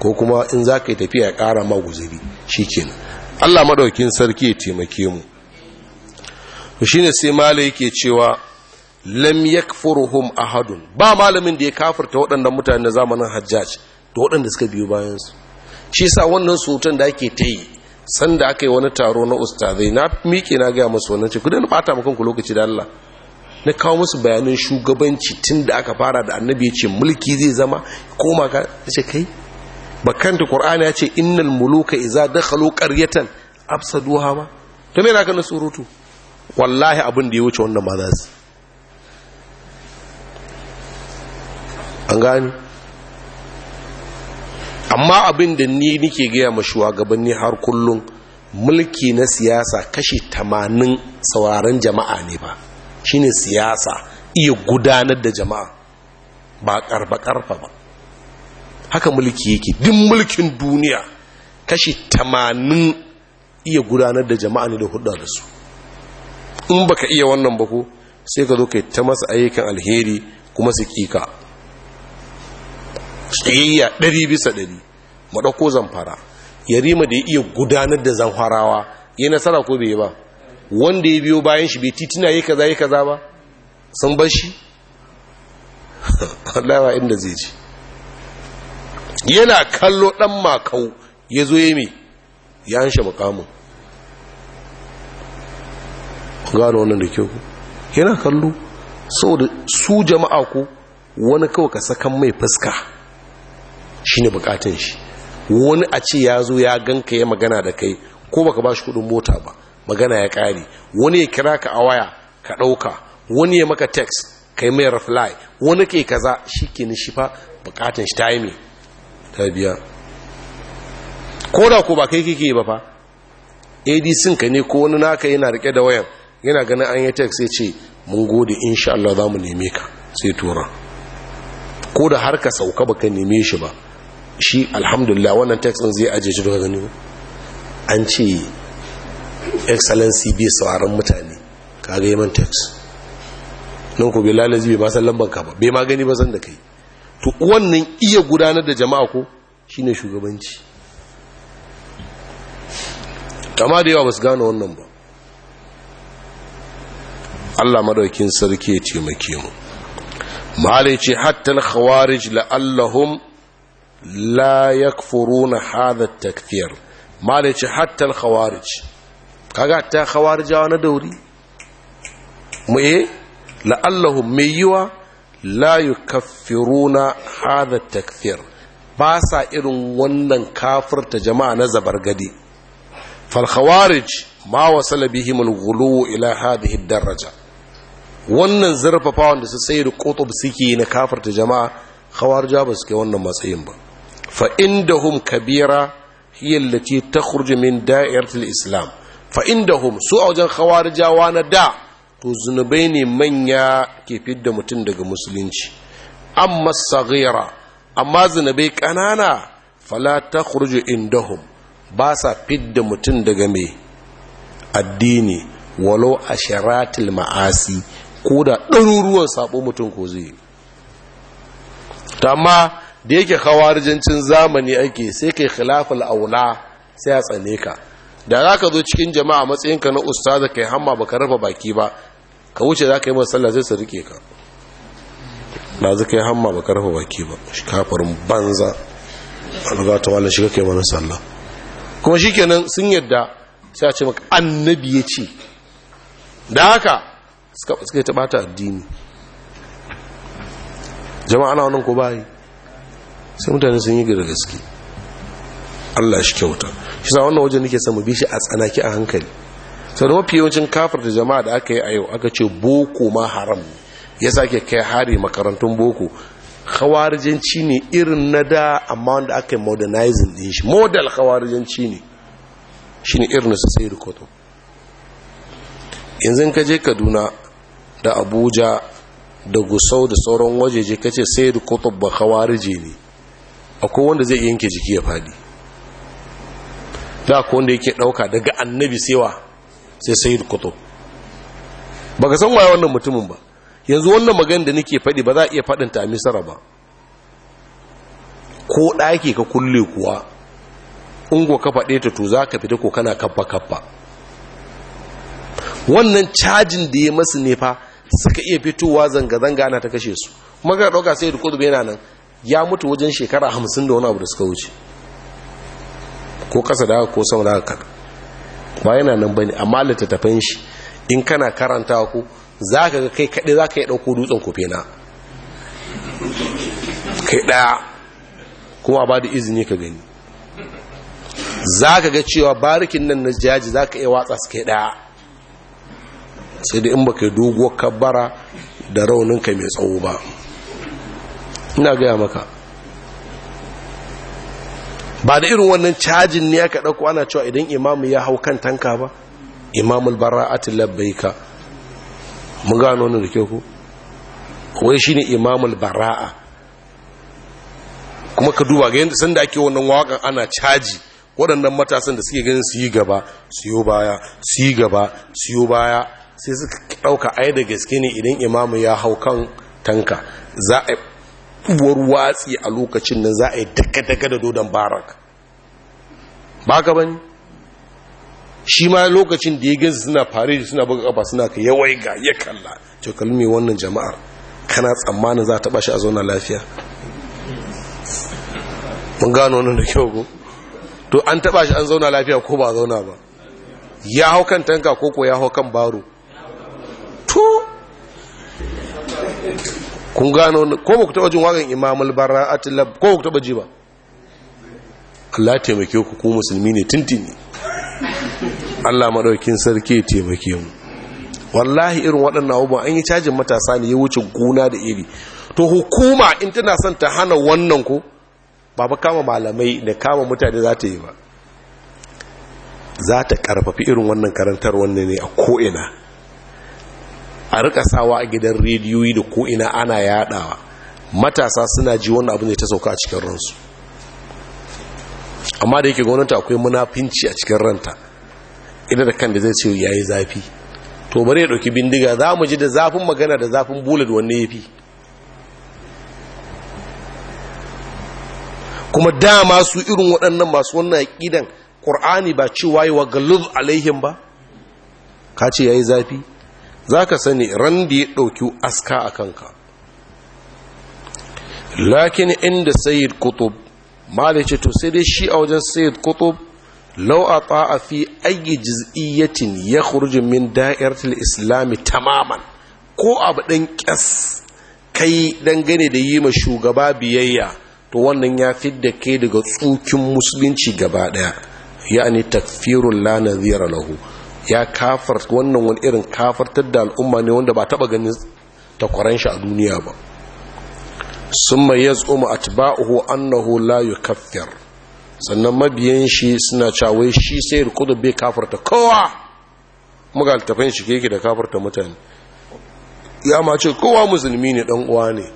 ko kuma in za ka yi tafiya ya ƙara ma guzuri shi kenan allah madaukin sarki ya taimake mu shi shine sai mala yake cewa lam a ahadun ba malamin da ya kafirta waɗannan mutane na zamanin hajjaj da waɗanda suka biyu bayansu shi sa wannan surutan da ake ta yi sanda aka yi wani taro na ustazai na miƙe na gaya masu wannan ce kudin bata makon ku lokaci da Allah na kawo musu bayanin shugabanci tun da aka fara da annabi ya ce mulki zai zama koma ka ce kai bakanta qur'ani ya ce innal muluka iza dakhalu qaryatan afsaduha ma to me naka na surutu wallahi abin da ya wuce wannan ma za su an gani amma abin da ni nike gaya ma shugabanni har kullum mulki na siyasa kashi tamanin sauraron jama'a ne ba shine siyasa iya gudanar da jama'a ba karba karfa ba haka mulki yake duk mulkin duniya kashi tamanin iya gudanar da jama'a ne da hudu da su in baka iya wannan ba ko sai ka zo kai ta masa ayyukan alheri kuma su kika tsayayya ɗari bisa ɗari mu ɗauko zamfara yarima da ya iya gudanar da zamfarawa ya nasara ko bai ba wanda ya biyo bayan shi bai titina ya kaza ya kaza ba sun bar shi allawa inda zai ji yana kallo ɗan makau ya zo ya mai ya hanshe makamun gano wannan da kyau yana kallo saboda su jama'a ko wani kawai ka sakan mai fuska shine bukatun shi wani a ce ya zo ya ganka ya magana da kai ko baka bashi kudin mota ba magana ya kare wani ya kira ka a waya ka ɗauka wani ya maka text kai mai reply wani ke kaza shi ke shi fa bukatun shi ta yi mai ta biya ko da ko ba kai kike ba fa adc ka ne ko wani naka yana rike da wayan yana ganin an yi text sai ce mun gode insha Allah za mu neme ka sai tura ko da har ka sauka baka neme shi ba shi alhamdulillah wannan text din zai aje shi daga gani an ce excellency bai sauraron mutane Ka ga yaman text nan ko bilal zai ba san lambar ka ba bai ma gani ba san da kai to wannan iya gudanar da jama'a ko shine shugabanci kama da yawa ba su gane wannan ba Allah madaukin sarki ya taimake mu malai ce hatta al-khawarij la'allahum la yakfuruna hadha takfir malaci hatta al-khawarij kaga ta khawarijawa na dauri mu eh mai yiwa la yukaffiruna hadha takfiyar. ba sa irin wannan kafirta jama'a na zabargadi fal khawarij ma wasala bihim al-ghulu ila hadhihi daraja wannan zurfafa wanda su sayyid qutb suke na kafirta jama'a khawarijawa ba suke wannan matsayin ba fa hum kabira hiya allati takhruju min til islam fa hum, su a wajen jawa na da to zunubai ne manya ke fidda mutum daga musulunci amma saghira amma zunubai kanana fala takhruju indahum ba sa fidda mutum daga mai addini a sharatil ma'asi ko da ɗaruruwan saɓo mutum ko zai ta da yake khawarijancin zamani ake sai kai khilaful aula sai a tsane ka da za ka zo cikin jama'a matsayinka na ustaza kai hamma baka rufe baki ba ka wuce za ka yi masa sallah sai su rike ka na zai yi hamma baka rufe baki ba Kafarin banza za ta wala shiga kai mana sallah kuma shikenan sun yadda sai a ce maka annabi ya ce da haka suka yi taɓata addini jama'a na wannan ko bayi sai mutane sun yi gida gaske Allah shi kyauta shi sa wannan wajen nake samu bi shi a tsanaki a hankali sau mafi yawancin kafar da jama'a da aka yi a yau aka ce boko ma haram ya sake kai hari makarantun boko khawarijanci ne irin na da amma wanda aka yi modernizing din shi model khawarijanci ne shi ne irin su sai rikoto yanzu ka je kaduna da abuja da gusau da sauran wajeje ka ce sai rikoto ba khawarije ne akwai wanda zai yanke jiki ya fadi da akwai wanda yake dauka daga annabi sewa sai sayyid kutub baka san waye wannan mutumin ba yanzu wannan magana da nake fadi ba za a iya fadin ta a ba ko ɗaki ka kulle kuwa ungo ka fade ta to za ka fita ko kana kabba kabba wannan cajin da ya masu nefa suka iya fitowa zanga-zanga ana ta kashe su magana ɗauka sai da kudu yana nan ya mutu wajen shekara hamsin da wani abu da suka wuce ko kasa da ko sama da haka ba yana nan ba ne, amma littattafan shi in kana karanta ku za ka ga kai kaɗai za ka yi ɗauko dutsen kofi na kai ɗaya kuma ba da izini ka gani za ka ga cewa barikin nan na jaji za ka iya watsa su kai ɗaya sai da in ba ka yi doguwar kabbara da rauninka mai tsawo ba ina gaya maka ba da irin wannan cajin ne aka ɗauko ana cewa idan imamu ya hau kan tanka ba imamul bara'atul ka mun gano wani da ke ku wai ne imamul bara'a kuma ka duba ga yadda da ake wannan wakan ana caji waɗannan matasan da suke ganin su yi gaba su yi baya su yi gaba su yi baya sai suka ɗauka ai da gaske ne idan imamu ya hau kan tanka za a watsi a lokacin nan za a yi daga-daga da dodon barak ba ka bani shi ma lokacin da ya gansu suna fare suna buga kafa suna ka yawai ga ya kalla to kalmi wannan jama'ar kana tsammanin za ta shi a zauna lafiya mun gano wannan da kyau ko to an taba shi an zauna lafiya ko ba zauna ba ya hau kan tanka ko ko ya hau kan baro to kun gano ko ba ku taba jin wagan imamul barra lab ko ku taba ji ba Allah ya taimake ku ku musulmi ne tintini Allah madaukin sarki ya taimake mu wallahi irin waɗannan abubuwan an yi cajin matasa ne ya wuce guna da iri to hukuma in tana son ta hana wannan ko ba kama malamai da kama mutane za ta yi ba za ta karfafi irin wannan karantar wannan ne a ko'ina a rika sawa a gidan rediyoyi da ko'ina ana yadawa matasa suna ji wani abin da ta sauka a cikin ransu amma da yake gwamnati akwai munafinci a cikin ranta ina da kan da zai ce yayi zafi to bari ya dauki bindiga za mu ji da zafin magana da zafin bullet wanne ya fi kuma dama su irin waɗannan masu wannan aƙidan ƙur'ani ba cewa yi wa galub alaihim ba ka ce ya yi zafi za ka sani ran da ya ɗauki aska a kanka lakin inda sayid kutub malice to sai dai shi a wajen sayid kutub lau a ta'a fi ayi jiz'iyyatin ya kurji min da'iratul islami tamaman ko abu ɗan ƙyas kai dangane da yi ma shugaba biyayya to wannan ya fi da kai daga tsukin musulunci gaba ɗaya ya'ani takfirun la nadhira lahu ya kafar wannan wani irin kafartar da al'umma ne wanda ba taba ganin takwaran shi a duniya ba sun mai ya tsoma a tiba'uhu annahu la kafiyar sannan mabiyan shi suna cawai shi sai rikudu bai kafarta kowa muga altafin shi keke da kafarta mutane ya ma ce kowa musulmi ne dan uwa ne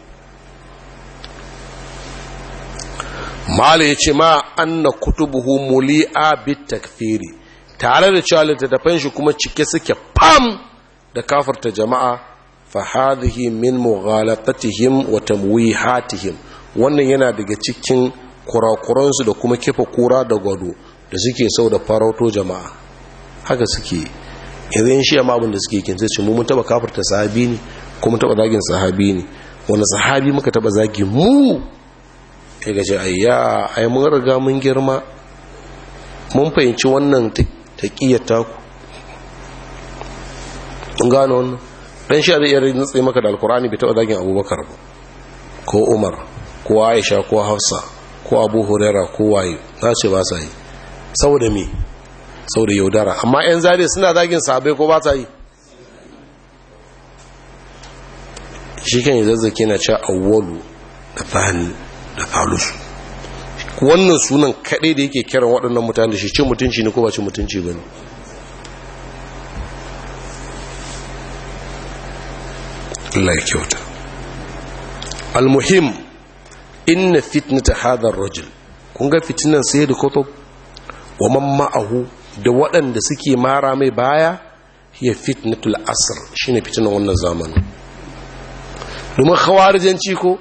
mala ya ce ma anna kutubuhu muli'a bit takfiri tare da cewa littattafan shi kuma cike suke fam da kafarta jama'a fa hadhihi min mughalatatihim wa tamwihatihim wannan yana daga cikin kurakuransu da kuma kifa kura da gado da suke sau da farauto jama'a haka suke idan shi amma abin da suke kin sai ce mu mun kafarta sahabi ne kuma taba zagin sahabi ne wani sahabi muka taba zagi mu ya gaje ayya ai mun riga mun girma mun fahimci wannan taƙiyar taku in gano wannan ɗan shi zai iya nutse maka da alkurani bai taɓa zagin abubakar ba ko umar ko aisha ko hafsa ko abu hurera ko waye na ce ba sa yi Sau da mi, sau da yaudara amma 'yan zare suna zagin sabe ko ba sa yi shi kan yi zazzake na ce awwalu da fani da falusu wannan sunan kaɗai da yake kiran waɗannan mutane shi cin mutunci ne ko ba cin mutunci ba ne Allah ya kyauta almuhim inna fitnata hadar rajul kun ga fitinan sai da kotob wa man ma'ahu da waɗanda suke mara mai baya ya fitnatul asr shine fitinan wannan zamanin domin khawarijanci ko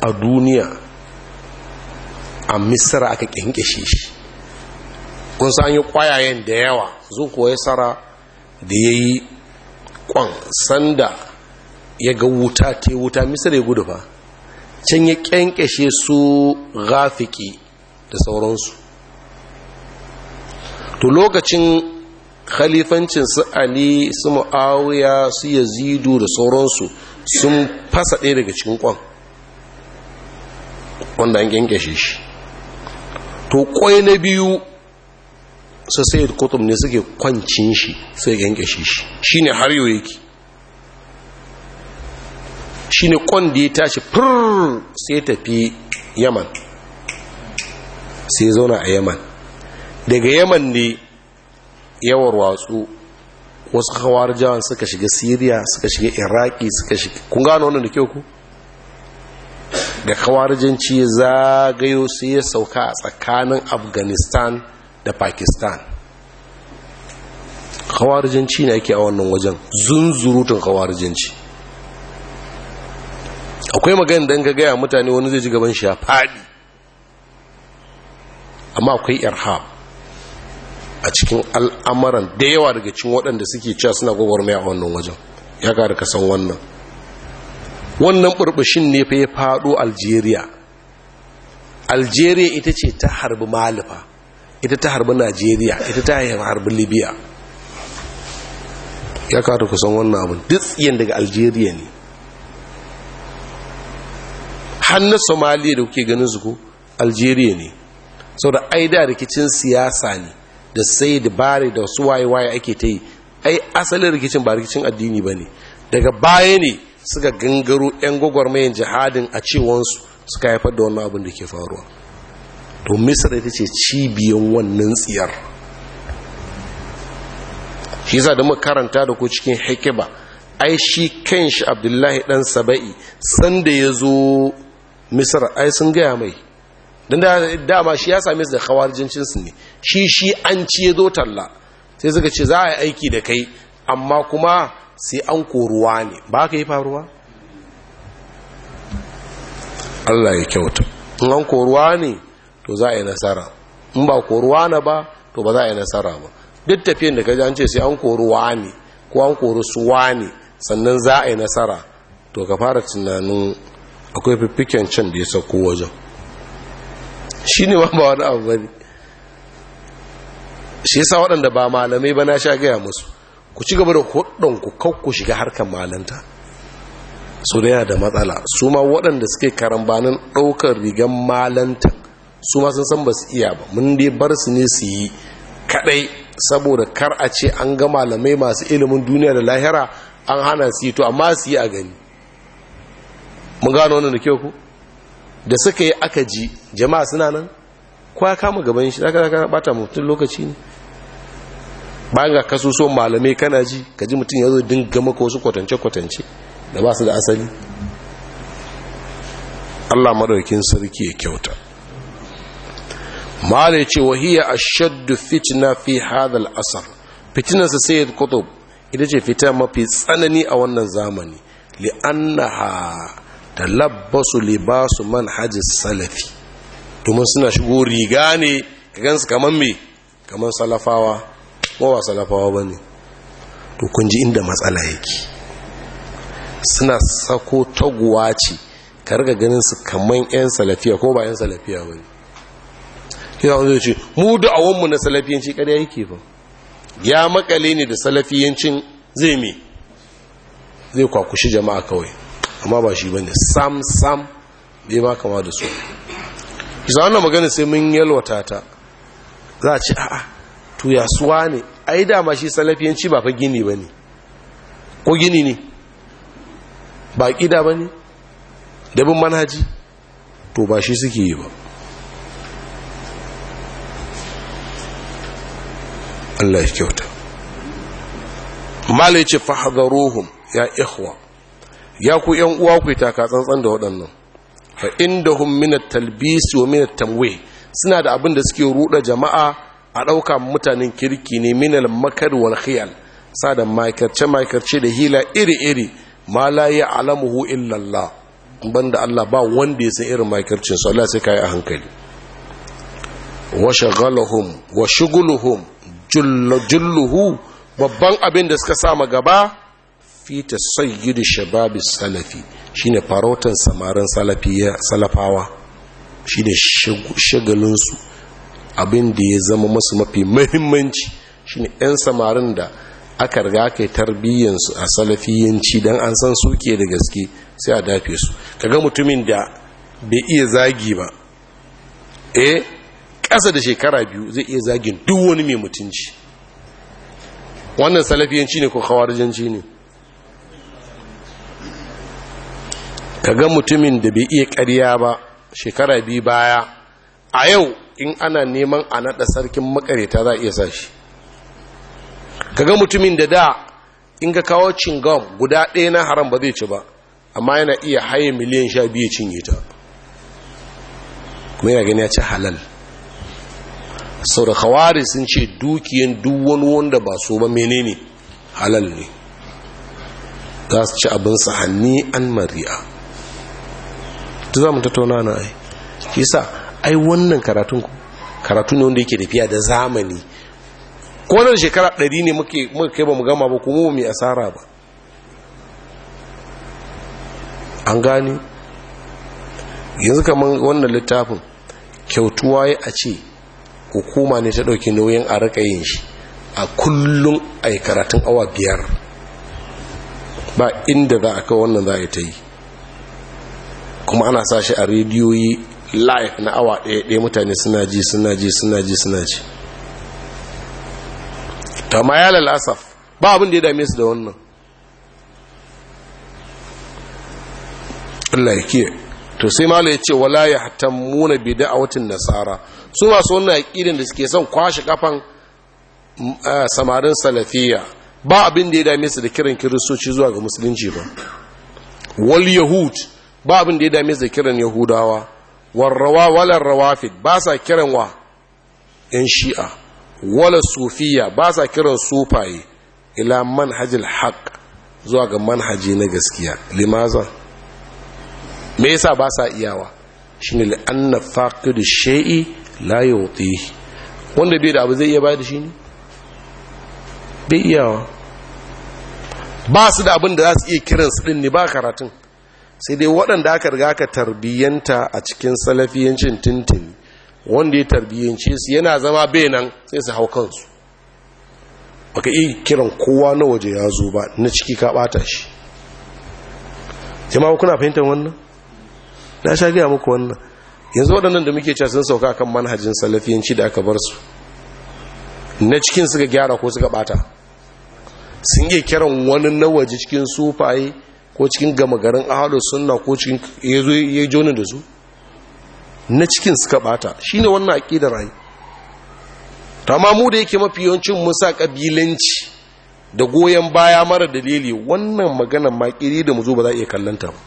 a duniya a misira aka ƙinƙishe shi kun san yi da yawa zo kuwa tsara da ya yi ƙwan sanda ya ga wuta te wuta misira ya gudu ba can ya ƙyanƙyashe su gafiki da sauransu to lokacin khalifancin su ali su ma'awuya su yazidu da sauransu sun fasa ɗaya daga cikin kwan wanda an kyankyashe shi to kwai na biyu su sai kutum ne suke kwancin shi sai yanke shi shi ne har yau yake shi ne kwan da ya tashi fir sai tafi yaman sai zauna a yaman daga yaman ne yawar watsu wasu kawar jawan suka shiga siriya suka shiga iraki suka shiga kun gano wannan da kyau ku da kawarjanci ya zagayo sai ya sauka a tsakanin afghanistan da pakistan kawarjanci na ake a wannan wajen zunzurutun kawarjanci akwai magana don ka gaya mutane wani zai ji gaban shi a faɗi amma akwai irhab a cikin al'amuran da yawa daga cikin waɗanda suke cewa suna gwagwarmaya a wannan wajen ya ka da kasan wannan wannan burbushin ne fa ya faɗo algeria algeria ita ce ta harbi malifa ita ta harbi nigeria ita ta harbi libya ya kata kusan wannan abin ditsiyan daga algeria ne hannun somaliya da kuke ganin zuku algeria ne sau da aida rikicin siyasa ne da sai dabari da wasu waye-waye ake ta yi ai asalin rikicin ba rikicin addini ba ne daga baya ne suka gangaro 'yan gwagwarmayin jihadin a cewansu suka haifar da wani abin da ke faruwa to misra ita ce cibiyan wannan tsiyar shi za da makaranta da ku cikin hikiba ai shi kan shi abdullahi dan saba'i sanda ya zo misra ai sun gaya mai don dama shi ya sami su da kawarjincinsu ne shi shi an ci zo talla sai suka ce za a yi aiki da kai amma kuma sai an koruwa ne ba ka yi faruwa Allah ya kyauta in an koruwa ne to za a yi nasara in ba koruwa na ba to ba za a yi nasara ba duk tafiyan da ka ji an ce sai an koruwa ne ko an koru suwa ne sannan za a yi nasara to ka fara tunanin akwai fiffiken can da ya sauko wajen shi ne ba wani abu ba ne shi yasa waɗanda ba malamai ba na sha gaya musu ku ci gaba da hudunku ku shiga harkar malanta su da yana da matsala su ma waɗanda suke karambanin ɗaukar rigar malanta su ma sun san ba su iya ba mun dai bar su ne su yi kaɗai saboda kar a ce an ga malamai masu ilimin duniya da lahira an hana su yi to amma su yi a gani mun gano wannan da ke ku da suka yi aka ji jama'a suna nan ko ya kama gaban shi zaka zaka bata mutum lokaci ne Ba ga kasuso malamai kana ji ka ji mutum ya zo dinga ko wasu kwatance-kwatance da ba su da asali allah madaukin sarki ya kyauta mara ya ce wahiyya a shaddu fitina fi hadal asar fitinarsa sai kutub ita ce fita mafi tsanani a wannan zamani li'annaha talabbasu libasu manhajis salafi domin suna shigo riga ne ka gansu kamar me kamar salafawa kuma ba salafawa ba ne to kun ji inda matsala yake suna sako taguwa ce ka riga ganin su kaman 'yan salafiya ko ba 'yan salafiya ba ne yana wanzu ce mu da na salafiyanci ƙarya yake ba ya makale ne da salafiyancin zai me zai kwakushi jama'a kawai amma ba shi ba ne sam sam bai ma kama da su isa wannan magana sai mun yalwata ta za a ce a'a to yasuwa ne ai dama shi salafiyanci ba fa gini ba ne ko gini ne ba ƙida ba ne dabin manhaji to ba shi suke yi ba Allah ya kyauta malai ce fahadaruhum ya ikhwa ya ku yan uwa ku taka tsantsan da waɗannan fa inda hun at wa min at suna da abin da suke ruɗa jama'a a ɗauka mutanen kirki ne minal makar wal khiyal sa da makarce da hila iri iri ma la ya alamuhu illallah banda Allah ba wanda ya san irin makarcin su Allah sai kai a hankali wa shaghalahum wa shughuluhum julluhu babban abin da suka sama gaba fi tasayyid shababi, salafi shine farautan samarin salafiya salafawa shine shagalin su abin da ya zama masu mafi mahimmanci shine 'yan samarin da aka riga kai tarbiyyansu a salafiyanci don an san suke da gaske sai a dafe su kaga mutumin da bai iya zagi ba eh ƙasa da shekara biyu zai iya zagi duk wani mai mutunci wannan salafiyanci ne ko kawarijanci ne kaga mutumin da bai iya ƙarya ba shekara biyu baya a yau in ana neman a naɗa sarkin makareta za a iya sa shi Ka ga mutumin da da in ga kawo cingam guda ɗaya na haram ba zai ci ba amma yana iya haye miliyan sha biyu cinye ta kuma yana gani ya ci halal sau da kawari sun ce dukiyan duk wani wanda ba su ba menene halal ne za su ci abin sahanni an mari'a ta za mu tattauna na ai kisa ai wannan karatun ku. karatu ne wanda yake tafiya da zamani ko nan shekara ɗari ne muke kai ba mu gama ba kuma mu mai asara ba an gani yanzu kamar wannan littafin kyautuwa ya a ce hukuma ne ta ɗauki nauyin a rika yin shi a kullum a yi karatun awa biyar ba inda za a kai wannan za a yi ta yi kuma ana sa shi a rediyoyi live na awa ɗaya ɗaya mutane suna ji suna ji suna ji suna ji ta ma ya lalasaf ba abin da ya dame su da wannan Allah ya ke to sai ma ya ce wala ya hatamuna bi watan nasara su masu wannan ƙirin da suke son kwashe kafan mm, samarin salafiya ba abin da ya dame su da kiran kiristoci zuwa ga musulunci ba wal yahud ba abin da ya dame su da kiran yahudawa warrawa walar rawafid ba sa kiran wa ‘yan shi'a wala sufiya ba sa kiran sufaye ila manhajil haq zuwa ga manhaji na gaskiya limaza me yasa ba sa iyawa shi ne la'anna faƙidu shai'i la yauti wanda bai da abu zai iya ba da shi ne bai iyawa ba su da abin da za su iya kiransu din ne ba karatun sai dai waɗanda aka riga ka tarbiyyanta a cikin salafiyancin tintin wanda ya tarbiyyance su yana zama benan sai su hau kansu baka yi kiran kowa na waje ya zo ba na ciki ka ɓata shi jama'a kuna fahimtar wannan na sha gaya muku wannan yanzu waɗannan da muke sun sauka kan manhajin salafiyanci da aka bar su na cikin suka gyara ko suka ɓata sun yi kiran wani na waje cikin sufaye ko cikin gama garin ahalo sunna ko cikin ya zo ya joni da su na cikin suka bata ne wannan aqidar ai amma mu da yake mafi yawancin musa sa kabilanci da goyon baya mara dalili wannan magana makiri da mu zo ba za a iya kallanta ba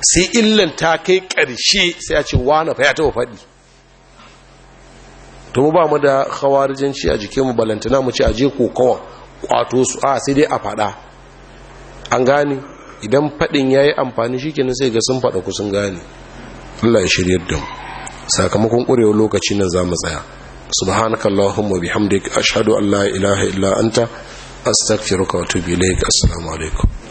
sai illan ta kai ƙarshe sai a ce wani fa ya taɓa faɗi to ba mu da khawarijanci a jikinmu balantana mu ce a je kokawa kwato su a sai dai a faɗa an gane idan faɗin ya yi amfani shi kenan sai ga sun faɗa ku sun gane Allah ya shiryar da mu sakamakon ƙurewa lokaci nan za mu tsaya subhanakallahumma bihamdik ashhadu an la ilaha illa anta astaghfiruka wa atubu ilaik assalamu alaikum